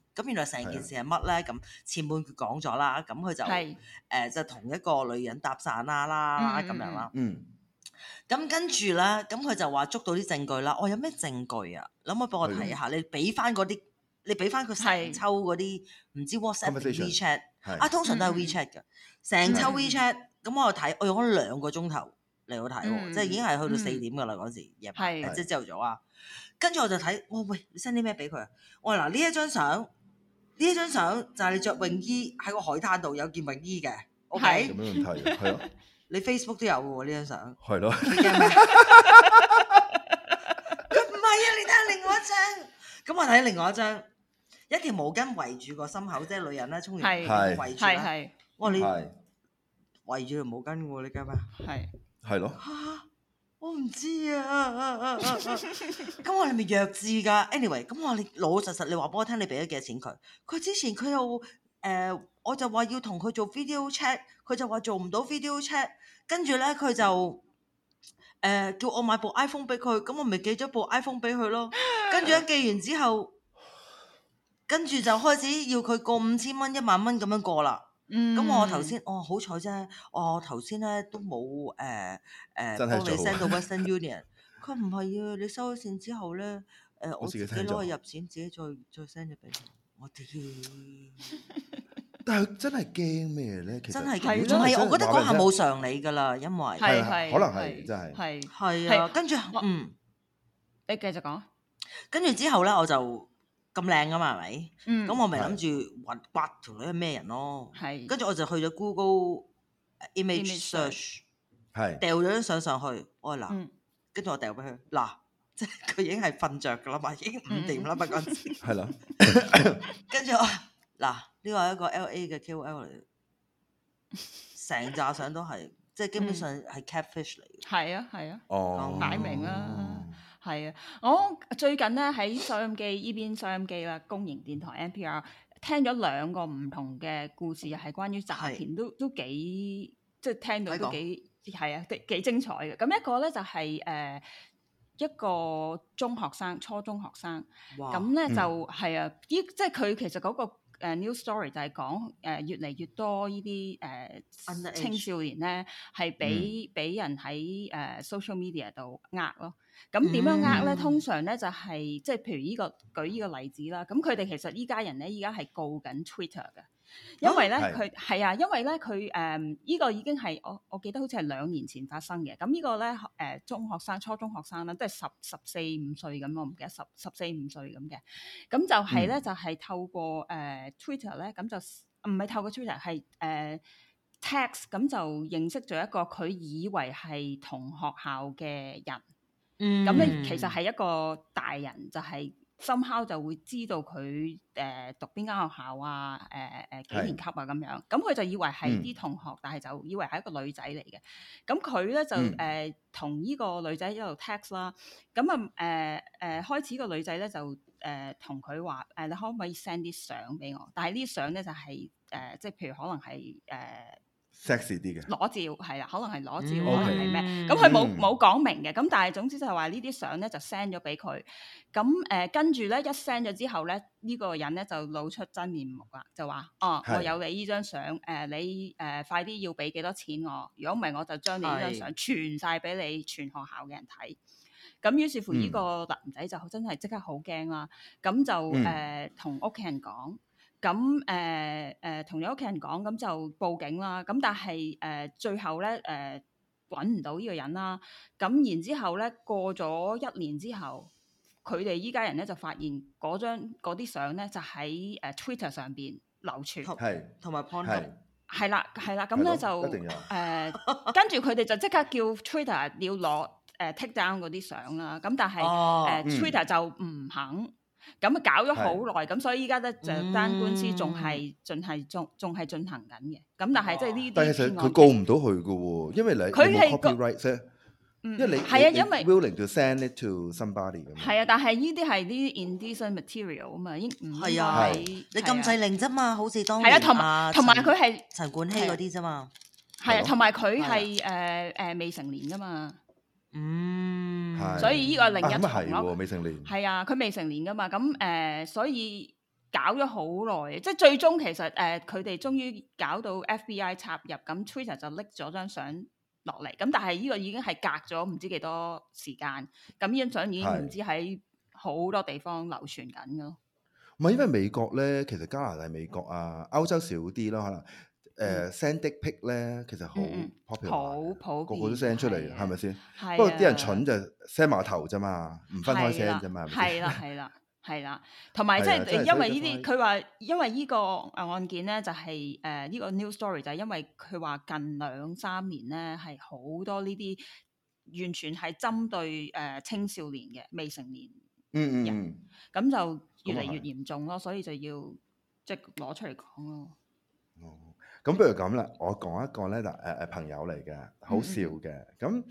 咁原來成件事係乜咧？咁前半段講咗啦，咁佢就誒就同一個女人搭訕啦啦咁樣啦。咁跟住咧，咁佢就話捉到啲證據啦。我有咩證據啊？諗下幫我睇下，你俾翻嗰啲，你俾翻佢成抽嗰啲，唔知 WhatsApp、WeChat 啊，通常都係 WeChat 嘅，成抽 WeChat。咁我就睇，我用咗兩個鐘頭嚟我睇，即係已經係去到四點㗎啦嗰時，係即係朝頭早啊。跟住我就睇，我，喂你 send 啲咩俾佢？我話嗱呢一張相。呢張相就係你着泳衣喺個海灘度有件泳衣嘅，OK？ 有咩問題？係咯，你 Facebook 都有嘅喎，呢張相係咯。佢唔係啊，你睇下另外一張。咁我睇另外一張，一條毛巾圍住個心口，即係女人咧沖完，圍住啦。我你圍住條毛巾喎，你怕咩？係係咯。 唔知啊，咁 referral,、anyway, 我係咪弱智噶？anyway，咁我你老老實實，你話俾我聽，你俾咗幾多錢佢？佢之前佢又誒、呃，我就話要同佢做 video chat，佢就話做唔到 video chat，跟住咧佢就誒、呃、叫我買部 iPhone 俾佢，咁我咪寄咗部 iPhone 俾佢咯。跟住寄完之後，跟住就開始要佢過五千蚊、一萬蚊咁樣過啦。嗯，咁我頭先，我好彩啫，我頭先咧都冇誒誒幫你 send 到 Western Union，佢唔係啊，你收咗錢之後咧，誒我自己攞去入錢，自己再再 send 咗俾佢。我啲，但係真係驚咩咧？其實真係驚，仲係我覺得嗰下冇常理㗎啦，因為係係可能係真係係係啊，跟住嗯，你繼續講，跟住之後咧我就。咁靚啊嘛，係咪？咁我咪諗住揾刮條女係咩人咯？係。跟住我就去咗 Google Image Search，係。掉咗張相上去，我話嗱，跟住我掉俾佢，嗱，即係佢已經係瞓著噶啦嘛，已經五點啦，不過。係咯。跟住我嗱，呢個係一個 LA 嘅 KOL 嚟，成紮相都係，即係基本上係 catfish 嚟。係啊，係啊。哦。擺明啦。係啊，我最近咧喺收音機呢邊收音機啦，公營電台 NPR 聽咗兩個唔同嘅故事，係關於集團的都都幾即係聽到都幾係啊幾精彩嘅。咁一個咧就係、是、誒、呃、一個中學生、初中學生，咁咧哇就係啊，依、嗯、即係佢其實、嗰個。誒 news story 就係講誒越嚟越多呢啲誒青少年咧係俾俾人喺誒、mm. 呃、social media 度呃咯，咁點樣呃咧？Mm. 通常咧就係即係譬如呢、呢個舉呢個例子啦，咁佢哋其實依家人咧依家係告緊 Twitter 嘅。因為咧佢係啊，因為咧佢誒呢個已經係我我記得好似係兩年前發生嘅。咁呢個咧誒中學生、初中學生咧都係十十四五歲咁，我唔記得十十四五歲咁嘅。咁就係咧就係、是、透過誒、呃、Twitter 咧，咁就唔係、嗯啊、透過 Twitter 係誒、呃、Text，咁就認識咗一個佢以為係同學校嘅人。嗯，咁咧其實係一個大人就係、是。深烤就會知道佢誒、呃、讀邊間學校啊誒誒、呃、幾年級啊咁樣，咁佢的就以為係啲同學，嗯、但係就以為係一個女仔嚟嘅。咁佢咧就誒同呢個女仔一路 text 啦。咁啊誒誒開始個女仔咧就誒同佢話誒你可唔可以 send 啲相俾我？但係呢啲相咧就係誒即係譬如可能係誒。呃 sexy 啲嘅裸照係啦，可能係裸照，mm hmm. 可能係咩？咁佢冇冇講明嘅，咁但係總之就係話、呃、呢啲相咧就 send 咗俾佢。咁誒跟住咧一 send 咗之後咧，呢、呢個人咧就露出真面目啦，就話：哦、啊，是我有你呢張相，誒、呃、你誒、呃、快啲要俾幾多錢我？如果唔係，我就將你呢張相傳晒俾你全學校嘅人睇。咁是於是乎，呢個男仔就真係即刻好驚啦。咁、mm hmm. 就誒同屋企人講。咁誒誒同你屋企人講，咁就報警啦。咁但係誒最後咧，誒揾唔到呢個人啦。咁然之後咧，過咗一年之後，佢哋依家人咧就發現嗰張嗰啲相咧就喺誒 Twitter 上邊流傳，係同埋 Pon 圖，係啦係啦。咁咧就誒，跟住佢哋就即刻叫 Twitter 要攞誒、啊、take down 嗰啲相啦。咁但係誒 Twitter 就唔肯。咁啊，搞咗好耐，咁所以依家咧就單官司仲係進係仲仲係進行緊嘅。咁但係即係呢啲，但係佢佢告唔到佢噶，因為你佢係 copyright 啫。嗯，因為你係啊，因為 willing to send it to somebody 咁。係啊，但係呢啲係啲 indecent material 啊嘛，已經唔係你咁細齡啫嘛，好似當年啊，同同埋佢係陳冠希嗰啲啫嘛，係啊，同埋佢係誒誒未成年噶嘛。嗯，是所以呢個係另一，咁喎、啊，未成年，係啊，佢未成年噶嘛，咁誒、呃，所以搞咗好耐，即係最終其實誒，佢哋終於搞到 FBI 插入，咁 Twitter 就拎咗張相落嚟，咁但係呢個已經係隔咗唔知幾多時間，咁呢張相已經唔知喺好多地方流傳緊咯。唔係是，因為美國咧，其實加拿大、美國啊，歐洲少啲咯，可能。誒 send、呃嗯、啲 pic 咧，其實好、嗯、popular，個個都 send 出嚟，係咪先？吧啊、不過啲人蠢就 send 埋頭啫嘛，唔分開 send 啫嘛，係咪、啊？係啦，係啦、啊，係啦、啊。同埋即係因為呢啲，佢話因為呢個案件咧，就係誒呢個 new story 就係因為佢話近兩三年咧係好多呢啲完全係針對誒、uh，青少年嘅未成年人嗯，嗯嗯，咁 就越嚟越嚴重咯，所以就要即係攞出嚟講咯。咁不如咁啦，我講一個咧就誒誒朋友嚟嘅，好笑嘅。咁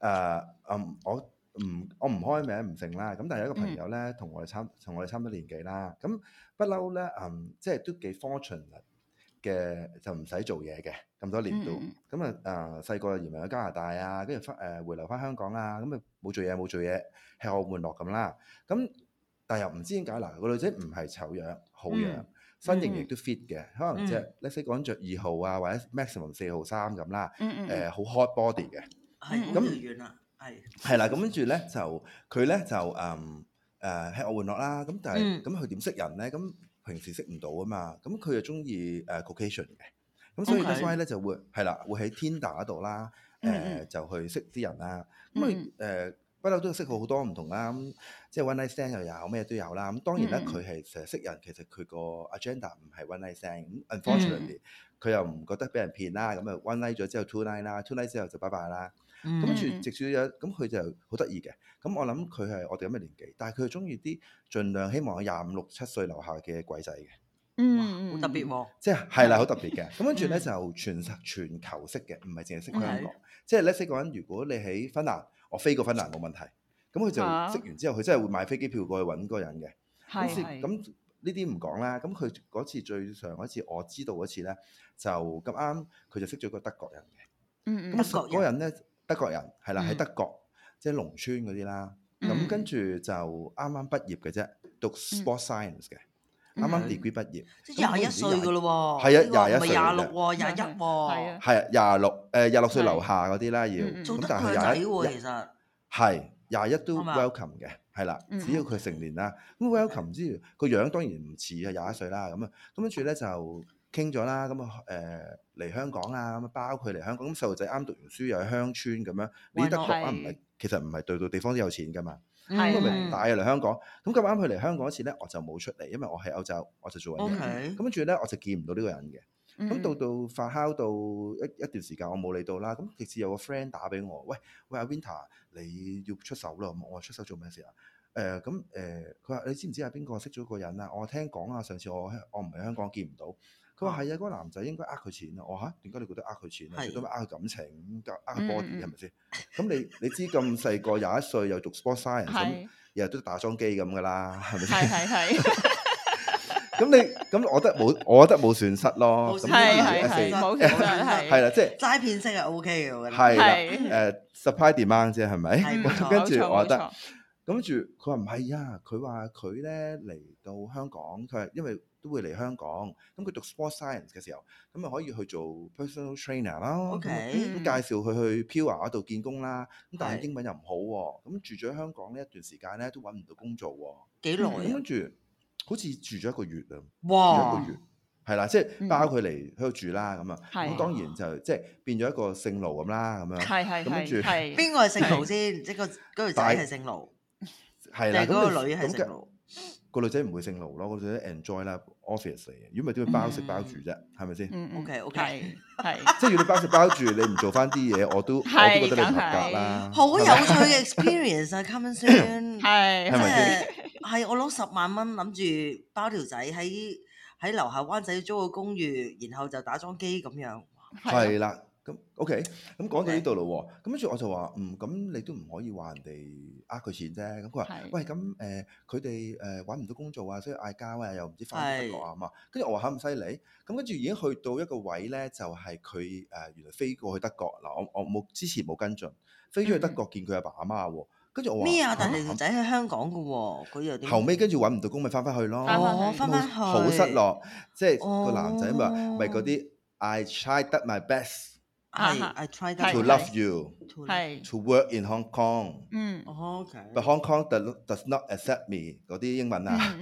誒嗯，我唔我唔開名唔剩啦。咁但係有一個朋友咧，同我哋差同我哋差唔多年紀啦。咁不嬲咧，嗯，即係都幾 fortunate 嘅，就唔使做嘢嘅咁多年都。咁啊誒細個移民去加拿大啊，跟住翻誒回流翻香港啊。咁啊冇做嘢冇做嘢，食喝玩樂咁啦。咁但係又唔知點解嗱，個女仔唔係醜樣，好樣。身形亦都 fit 嘅，可能即係 let's say 講著二號啊，或者 maximum 四號衫咁啦，誒好 hot body 嘅，咁完啦，係係啦，咁跟住咧就佢咧就誒誒 hit or miss 啦，咁但係咁佢點識人咧？咁平時識唔到啊嘛，咁佢又鍾意誒 caucasian 嘅，咁所以 Aries 咧就會係啦，會喺 Tinder 嗰度啦，誒就去識啲人啦，咁佢誒。不嬲都識好多唔同啦，咁即係 one night stand 又有咩都有啦。咁當然咧，佢係成日識人，其實佢個 agenda 唔係 one night stand。咁 unfortunately，佢又唔覺得俾人騙啦，咁啊 one night 咗之後 two night 啦，two night 之後就拜拜啦。咁跟住直處咗，咁佢就好得意嘅。咁我諗佢係我哋咁嘅年紀，但係佢中意啲儘量希望有廿五六七歲樓下嘅鬼仔嘅。嗯，好特別喎！即係係啦，好特別嘅。咁跟住咧就全全球識嘅，唔係淨係識香港。即係咧，識個人如果你喺芬蘭。我飛過芬蘭冇問題，咁佢就識完之後，佢真係會買飛機票過去揾嗰個人嘅。係，咁呢啲唔講啦。咁佢嗰次最上一次我知道嗰次咧，就咁啱佢就識咗個德國人嘅。嗯嗯，德國人。咁咧，德國人係啦，喺德國即係農村嗰啲啦。咁跟住就啱啱畢業嘅啫，讀 sports science 嘅，啱啱 degree 畢業。即廿一歲嘅咯喎。係啊，廿一歲唔係廿六喎，廿一喎。係啊，廿六。誒廿六歲樓下嗰啲啦，要咁、嗯、但係廿一係廿一都 welcome 嘅，係啦，只要佢成年啦。咁、嗯、welcome 之餘個是樣當然唔似啊廿一歲啦咁啊。咁跟住咧就傾咗啦。咁啊誒嚟香港啊，咁包佢嚟香港。咁細路仔啱讀完書又喺鄉村咁樣，你德、嗯、國啊唔係，其實唔係對到地方都有錢噶嘛。咁佢咪帶嚟香港？咁咁啱佢嚟香港嗰時咧，我就冇出嚟，因為我喺歐洲，我就做緊嘢。咁跟住咧，我就見唔到呢個人嘅。咁、嗯、到到發酵到一一段時間我，我冇嚟到啦。咁其次有個 friend 打俾我，喂喂阿 Winter，、啊、你要出手啦！我出手做咩事啊？誒咁誒，佢、呃、話你知唔知啊？邊個識咗個人啊？我聽講啊，上次我我唔喺香港見唔到。佢話係啊，嗰、嗰個男仔應該呃佢錢啊！我嚇，點解你覺得呃佢錢啊？最多咪呃感情，呃佢 body 係咪先？咁、嗯、你你知咁細個廿一歲又讀 sports science，咁日日都打裝機咁噶啦，係咪先？係係係。 咁你咁我得冇，我覺得冇損失咯。係係係係啦，即係齋片式係 O K 嘅，我係啦。誒，supply demand 啫，係咪？跟住我覺得，跟住佢話唔係啊，佢話佢咧嚟到香港，佢因為都會嚟香港。咁佢讀 sport science 嘅時候，咁咪可以去做 personal trainer 啦。O 介紹佢去 Pura 嗰度建工啦。咁但係英文又唔好喎。咁住咗香港呢一段時間咧，都揾唔到工做喎。幾耐？跟住。好似住咗一個月啊！哇，住一個月係啦，即係包佢嚟喺度住啦咁啊。咁當然就即係變咗一個姓盧咁啦，咁樣。係係係。邊個係姓盧先？即係個仔係姓盧，係啦。嗰個女係姓盧。個女仔唔會姓盧咯。個女仔 enjoy 啦 obviously 嚟嘅。如果咪係點包食包住啫？係咪先？OK OK，係。即係如果你包食包住，你唔做翻啲嘢，我都我都覺得你唔合格啦。好有趣嘅 experience 啊，come in soon。係。即係。係，我攞十萬蚊，諗住包條仔喺喺樓下灣仔租個公寓，然後就打裝機咁樣。係啦，咁 OK，咁講到呢度咯喎，咁跟住我就話，嗯，咁你都唔可以話人哋呃佢錢啫。咁佢話，係，喂，咁誒，佢哋誒揾唔到工做啊，所以嗌交啊，又唔知翻唔翻得過啊嘛。跟住我話吓咁犀利，咁跟住已經去到一個位咧，就係佢誒原來飛過去德國嗱，我我冇之前冇跟進，飛出去德國見佢阿爸阿媽喎。跟住我話，咩啊？但係條仔喺香港嘅喎，佢又後尾跟住揾唔到工，咪翻返去咯。翻返、哦、去，翻返去，好失落。哦、即係個男仔咪話，咪嗰啲 I tried that my best。I I try to love you, to work in Hong Kong. 嗯，OK。But Hong Kong does not accept me 嗰啲英文啊，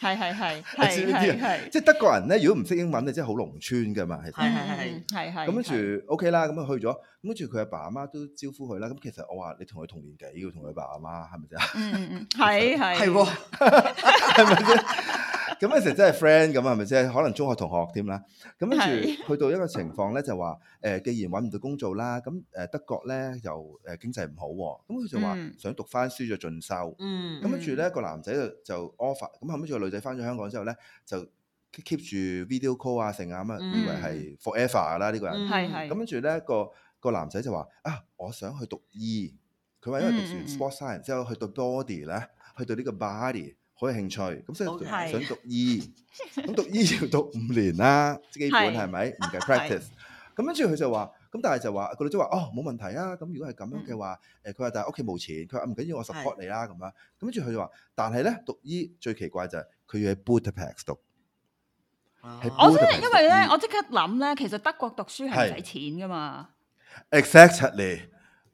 係係係，知呢即係德國人咧，如果唔識英文咧，真係好農村㗎嘛。係係係係係。咁跟住 OK 啦，咁去咗，咁跟住佢阿爸阿媽都招呼佢啦。咁其實我話你同佢同年紀要同佢爸阿媽係咪啫？嗯嗯嗯，係係係咪先？咁嗰時真係 friend 咁啊，係咪先？可能中學同學添啦。咁跟住去到一個情況咧，就話誒，既然揾唔到工做啦，咁誒德國咧又誒經濟唔好，咁佢就話想讀翻書就進修。咁跟住咧個男仔就 offer。咁後屘之後個女仔翻咗香港之後咧，就 keep 住 video call 啊，成啊咁啊，以為係 forever 啦呢個人。係係。咁跟住咧個個男仔就話：啊，我想去讀醫。佢話因為讀完 sport science 之後，去到 body 咧，去到呢個 body。啲興趣咁，所以想讀醫，咁讀醫要讀五年啦，基本係咪？唔計 practice。咁跟住佢就話，咁但係就話個女仔話哦，冇問題啊。咁如果係咁樣嘅話，誒，佢話但係屋企冇錢，佢話唔緊要，我 support 你啦咁樣。咁跟住佢就話，但係咧讀醫最奇怪就係佢要喺 Budapest 讀。我真係因為咧，我即刻諗咧，其實德國讀書係唔使錢噶嘛。Exactly。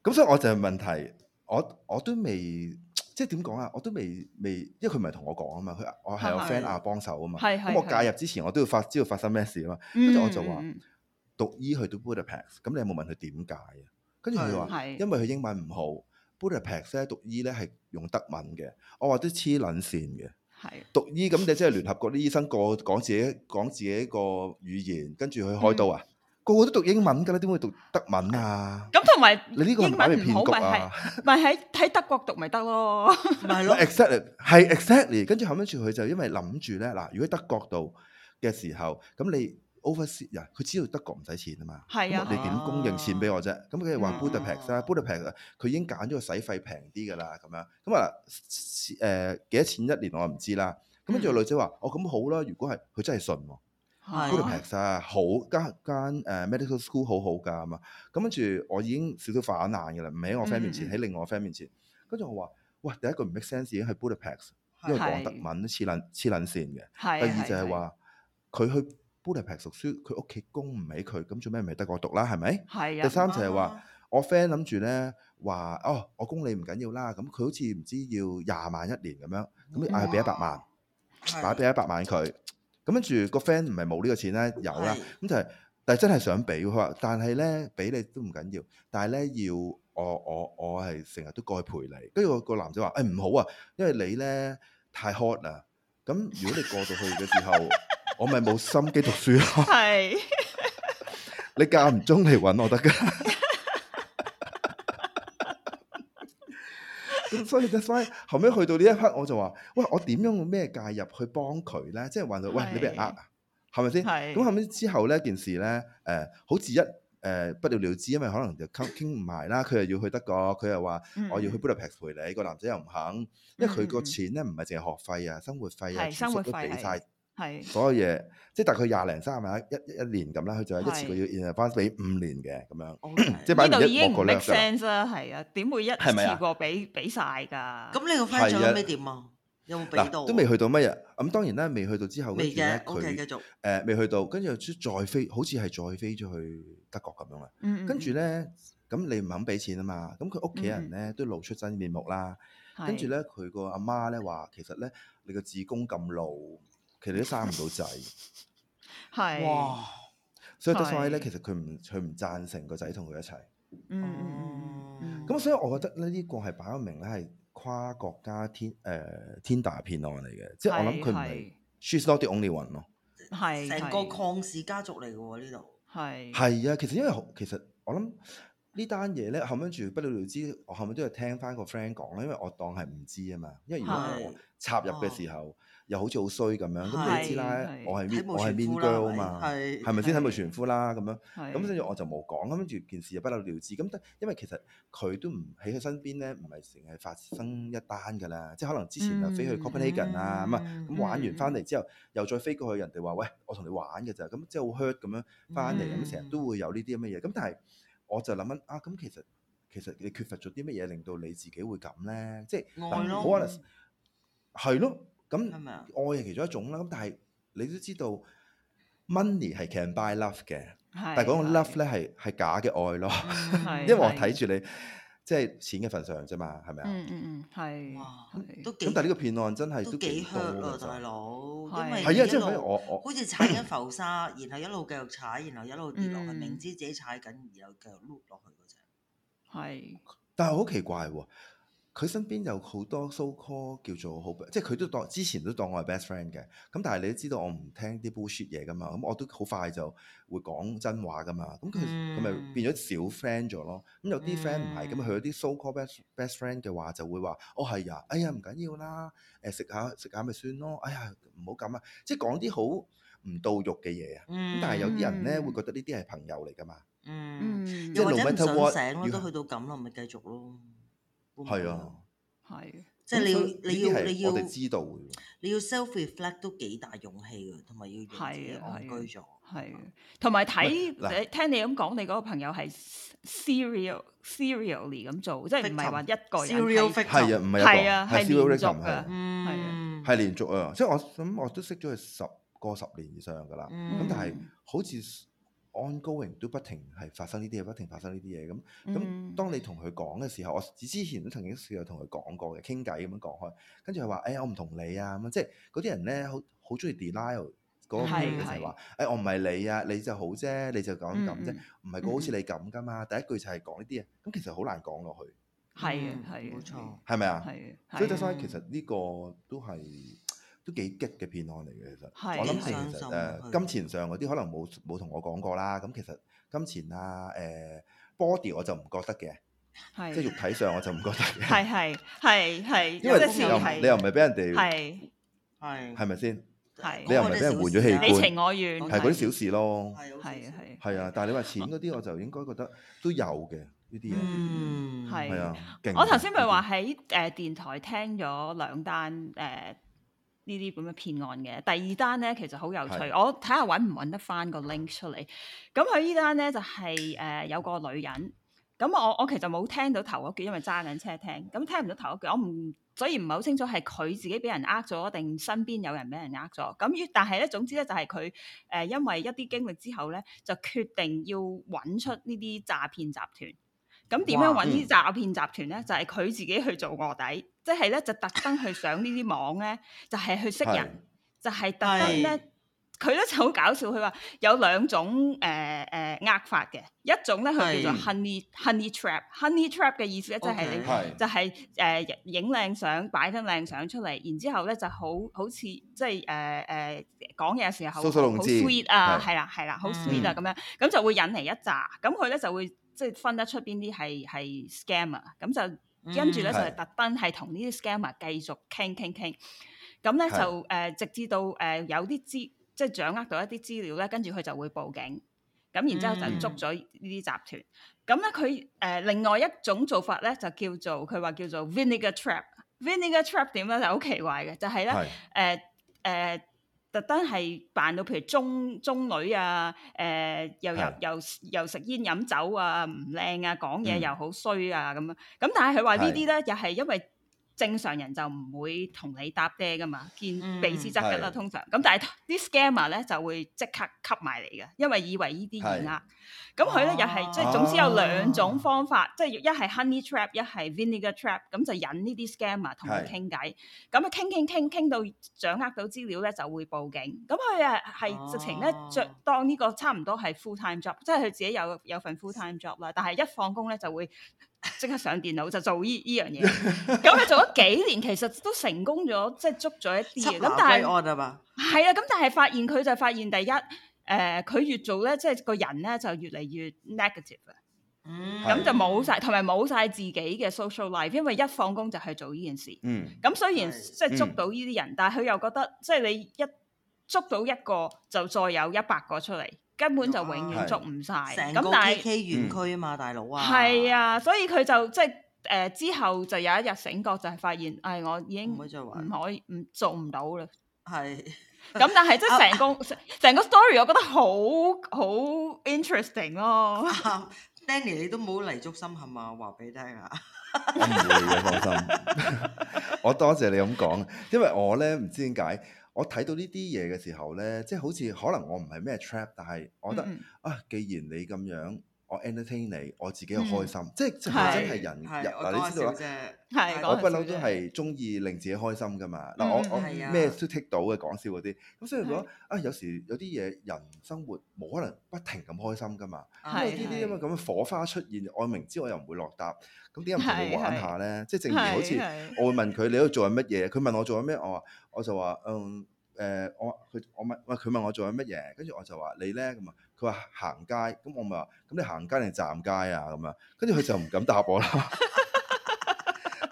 咁所以我就係問題，我我都未。即係點講啊？我都未未，因為佢唔係同我講啊嘛。佢我係我 friend 啊幫手啊嘛。咁是我介入之前，我都要發知道發生咩事啊嘛。跟住是我就話、嗯、讀醫去讀 Budapest，咁你有冇問佢點解啊？跟住佢話因為佢英文唔好，Budapest 咧讀醫咧係用德文嘅。我話都黐撚線嘅，是是讀醫，咁你即係聯合國啲醫生個講自己講自己個語言，跟住去開刀啊？嗯個個都讀英文噶啦，點會讀德文啊？咁同埋你呢個英文唔好咪係咪喺喺德國讀咪得咯？係咯，exactly 係 exactly，跟住後尾住佢就因為諗住咧嗱，如果德國度嘅時候，咁你 oversee 啊，佢知道德國唔使錢啊嘛，係啊，你點供應錢俾我啫？咁佢哋話 budget pack 啦，budget pack 啊，佢已經揀咗個使費平啲噶啦，咁樣咁啊，誒，幾多錢一年我唔知啦。咁跟住個女仔話：哦，咁好啦，如果係佢真係信。Budapest 啊，好間間誒 medical school 好好㗎嘛，咁跟住我已經少少反難㗎啦，唔喺我 friend 面前，喺、嗯、另外 friend 面前，跟住我話：哇，第一個唔 make sense 已經係 Budapest 因為講德文都黐黐撚線嘅。第二就係話佢去 Budapest 讀書，佢屋企供唔起佢，咁做咩唔喺德國讀啦？係咪？係啊。第三就係話我 friend 諗住咧話：哦，我供你唔緊要啦，咁佢好似唔知要廿萬一年咁樣，咁嗌佢俾一百萬，話俾一百萬佢。咁跟住個 friend 唔係冇呢個錢咧，有啦，咁就係，但係真係想俾佢話，但係咧俾你都唔緊要，但係咧要我我我係成日都過去陪你，跟住個個男仔話，誒唔好啊，因為你咧太 hot 啦，咁如果你過到去嘅時候，我咪冇心機讀書咯，係，你間唔中嚟搵我得㗎。所以就所以後尾去到呢一刻我就話，喂，我點樣咩介入去幫佢咧？即係話到，是喂，你俾人呃啊？係咪先？咁是後尾之後呢件事咧，誒、呃、好似一誒、呃、不了了之，因為可能就傾傾唔埋啦。佢又要去德國，佢又話我要去布拉格陪你，個男仔又唔肯，因為佢個錢咧唔係淨係學費啊，生活費啊，是全部都俾晒。係所有嘢，即係大概廿零三萬一一年咁啦。佢就一次過要翻俾五年嘅咁樣，即係買咗一個咧。邊度已經唔 make sense 啦，係啊？點會一次過俾俾晒噶？咁你個簽證咩點啊？有冇俾到？都未去到乜嘢。咁當然咧，未去到之後嘅嘢咧，佢誒未去到，跟住又再飛，好似係再飛咗去德國咁樣啦。跟住咧，咁你唔肯俾錢啊嘛？咁佢屋企人咧都露出真面目啦。跟住咧，佢個阿媽咧話，其實咧你個子宮咁老。佢哋都生唔到仔，係哇！所以得所埃咧，其實佢唔佢唔贊成個仔同佢一齊。嗯，咁所以，我覺得咧呢個係擺明咧係跨國家天誒天大騙案嚟嘅。即係我諗佢唔係。She's not the only one 咯。係成個抗氏家族嚟嘅喎呢度。係，係啊，其實因為其實我諗呢單嘢咧，後尾住不了了之，我後尾都係聽翻個 friend 講咧，因為我當係唔知啊嘛。因為如果我插入嘅時候，又好似好衰咁樣，咁你知啦，我係我係 mean girl 啊嘛？係咪先係咪船夫啦？咁樣，咁跟住我就冇講，咁跟住件事就不了了之。咁但因為其實佢都唔喺佢身邊咧，唔係成日發生一單噶啦。即係可能之前就飛去 Copenhagen 啊，咁啊，咁玩完翻嚟之後，又再飛過去，人哋話喂，我同你玩嘅咋，咁即係好 hurt 咁樣翻嚟，咁成日都會有呢啲咁嘅嘢。咁但係我就諗緊啊，咁其實其實你缺乏咗啲乜嘢令到你自己會咁咧？即係嗱咯。咁愛係其中一種啦，咁但係你都知道，money 係 can buy love 嘅，但係嗰個 love 咧係係假嘅愛咯，因為我係睇住你即係錢嘅份上啫嘛，係咪啊？嗯嗯嗯，係。哇，都咁但係呢個騙案真係都幾多咯，大佬。係啊，即係我我好似踩緊浮沙，然後一路繼續踩，然後一路跌落去，係明知自己踩緊，然後繼續碌落去嗰隻。係。但係我好奇怪喎。佢身邊有好多 so call 叫做好，即係佢都當之前都當我係 best friend 嘅。咁但係你都知道我唔聽啲 bullshit 嘢噶嘛，咁我都好快就會講真話噶嘛。咁佢佢咪變咗小 friend 咗咯。咁有啲 friend 唔係、嗯，咁佢有啲 so call best best friend 嘅話就會話：哦係啊，哎呀唔緊要啦，誒食下食下咪算咯。哎呀唔好咁啊，即係講啲好唔到肉嘅嘢啊。咁、嗯、但係有啲人咧會覺得呢啲係朋友嚟噶嘛。嗯，又、嗯、或者唔醒啦，都去到咁啦，咪繼續咯。係啊，係，即係你要你要你要知道嘅，你要 self reflect 都幾大勇氣嘅，同埋要自己安居咗。係，同埋睇，聽你咁講，你嗰個朋友係 serial serially 咁做，即係唔係話一個人係啊，唔係一個係連續嘅。嗯，係連續啊，即係我諗我都識咗佢十個十年以上噶啦，咁但係好似，On going 都不停係發生呢啲嘢，不停發生呢啲嘢咁。咁當你同佢講嘅時候，我之前都曾經試過同佢講過嘅傾偈咁樣講開，跟住佢話，誒、哎、我唔同你啊，咁即係嗰啲人咧，好好中意 denial 嗰邊嘅就係話，誒是是、欸、我唔係你啊，你就好啫啊，你就講咁啫，唔係個好似你咁噶嘛。第一句就係講呢啲啊，咁其實好難講落去。係啊，係冇錯，係咪啊？係啊是是，所以就所以其實呢個都係。都幾激嘅騙案嚟嘅，其實我諗係其實誒金錢上嗰啲可能冇冇同我講過啦。咁其實金錢啊誒 body 我就唔覺得嘅，即係肉體上我就唔覺得嘅。係係係係，因為你又你又唔係俾人哋，係係係咪先？係你又唔係俾人換咗器官？你情我願係嗰啲小事咯。係係係係啊！但係你話錢嗰啲，我就應該覺得都有嘅呢啲嘢。嗯係啊，勁！我頭先咪話喺誒電台聽咗兩單誒。呢啲咁嘅騙案嘅第二單咧，其實好有趣。的我睇下揾唔揾得翻個 link 出嚟。咁佢依單咧就係、是、誒、呃、有個女人，咁我我其實冇聽到頭嗰句，因為揸緊車聽咁聽唔到頭嗰句，我唔所以唔係好清楚係佢自己俾人呃咗定身邊有人俾人呃咗咁。但係咧總之咧就係佢誒因為一啲經歷之後咧就決定要揾出呢啲詐騙集團。咁點樣搵啲詐騙集團咧？就係佢自己去做臥底，即係咧就特登去上呢啲網咧，就係去識人，就係特登咧。佢咧就好搞笑，佢話有兩種誒誒呃法嘅，一種咧佢叫做 honey honey trap，honey trap 嘅意思咧即係你，就係誒影靚相，擺張靚相出嚟，然之後咧就好好似即係誒誒講嘢嘅時候好 sweet 啊，係啦係啦，好 sweet 啊咁樣，咁就會引嚟一紮，咁佢咧就會。即係分得出邊啲係係 scammer，咁就跟住咧是就係特登係同呢啲 scammer 繼續傾傾傾，咁咧就誒直至到誒、呃、有啲資即係掌握到一啲資料咧，跟住佢就會報警，咁然之後就捉咗、嗯、呢啲集團。咁咧佢誒另外一種做法咧就叫做佢話叫做 vinegar trap。vinegar trap 點咧就好奇怪嘅，就係咧誒誒。是特登係扮到譬如中中女啊，誒、呃、又是的 又又又食煙飲酒啊，唔靚啊，講嘢又好衰啊咁樣。咁但係佢話呢啲咧，又係是的 因為正常人就唔會同你搭爹噶嘛，見避之則吉啦。通常咁，但係啲 scammer 咧就會即刻吸埋嚟嘅，因為以為呢啲嘢。額。咁佢咧又係即係總之有兩種方法，即係一係 honey trap，一係 vinegar trap，咁就引呢啲 scammer 同佢傾偈。咁啊傾傾傾傾到掌握到資料咧，就會報警。咁佢啊係直情咧做當呢個差唔多係 full time job，即係佢自己有有份 full time job 啦。但係一放工咧就會即刻上電腦就做呢呢樣嘢。咁佢做咗幾年，其實都成功咗，即係捉咗一啲。咁但係係啊，咁但係發現佢就發現第一。誒佢、呃、越做咧，即係個人咧就越嚟越 negative 啊！嗯，咁就冇晒，同埋冇晒自己嘅 social life，因為一放工就去做呢件事。嗯，咁雖然是即係捉到呢啲人，嗯、但係佢又覺得即係你一捉到一個就再有一百個出嚟，根本就永遠捉唔晒。成、啊、但 K K 園區啊嘛，大佬啊，係、嗯、啊，所以佢就即係誒、呃、之後就有一日醒覺就係發現，唉、哎，我已經唔可以唔做唔到啦。係。咁但係即係成個成、啊啊、個 story，我覺得好好 interesting 咯。Denny，你都冇嚟足心吓嘛？話俾你聽下。我唔會嘅，放心。 我多謝你咁講，因為我咧唔知點解，我睇到呢啲嘢嘅時候咧，即係好似可能我唔係咩 trap，但係我覺得嗯嗯啊，既然你咁樣。我 entertain 你，我自己又開心，即係其實真係人嗱，你知道啦，係我不嬲都係中意令自己開心噶嘛。嗱，我我咩都 tick 到嘅，講笑嗰啲。咁所以如果啊，有時有啲嘢人生活冇可能不停咁開心噶嘛。咁有啲啲咁嘅火花出現，我明知我又唔會落答。咁點解唔同你玩下咧？即係正如好似我會問佢你喺度做緊乜嘢？佢問我做緊咩？我話我就話嗯誒，我佢我問喂佢問我做緊乜嘢？跟住我就話你咧咁啊。佢話行街，咁我咪話，咁、嗯、你行街定站街啊？咁樣，跟住佢就唔敢答我啦。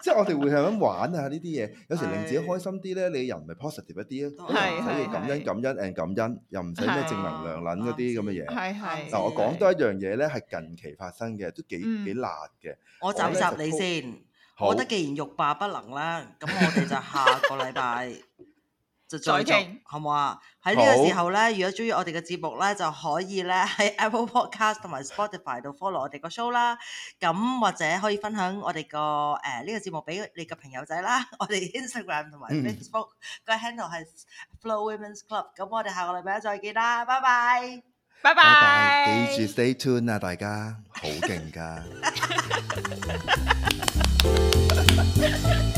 即係我哋會係咁玩啊！呢啲嘢有時令自己開心啲咧，你人咪 positive 一啲啊！唔使是感恩是是是感恩誒感恩，又唔使咩正能量撚嗰啲咁嘅嘢。係係理。嗱，理嗯、我講多一樣嘢咧，係近期發生嘅，都幾幾難嘅。嗯、我走殺你，你先，好我覺得既然欲罷不能啦，咁我哋就下個禮拜。 再見，好唔好啊？喺呢個時候咧，如果中意我哋嘅節目咧，就可以咧喺 Apple Podcast 同埋 Spotify 度 follow 我哋個 show 啦。咁或者可以分享我哋個誒呢個節目俾你嘅朋友仔啦。我哋 Instagram 同埋 Facebook 個 handle 係 Flo Women's Club。咁我哋下個禮拜一再見啦，拜拜，拜拜。記住 stay tuned 啊，大家，好勁㗎！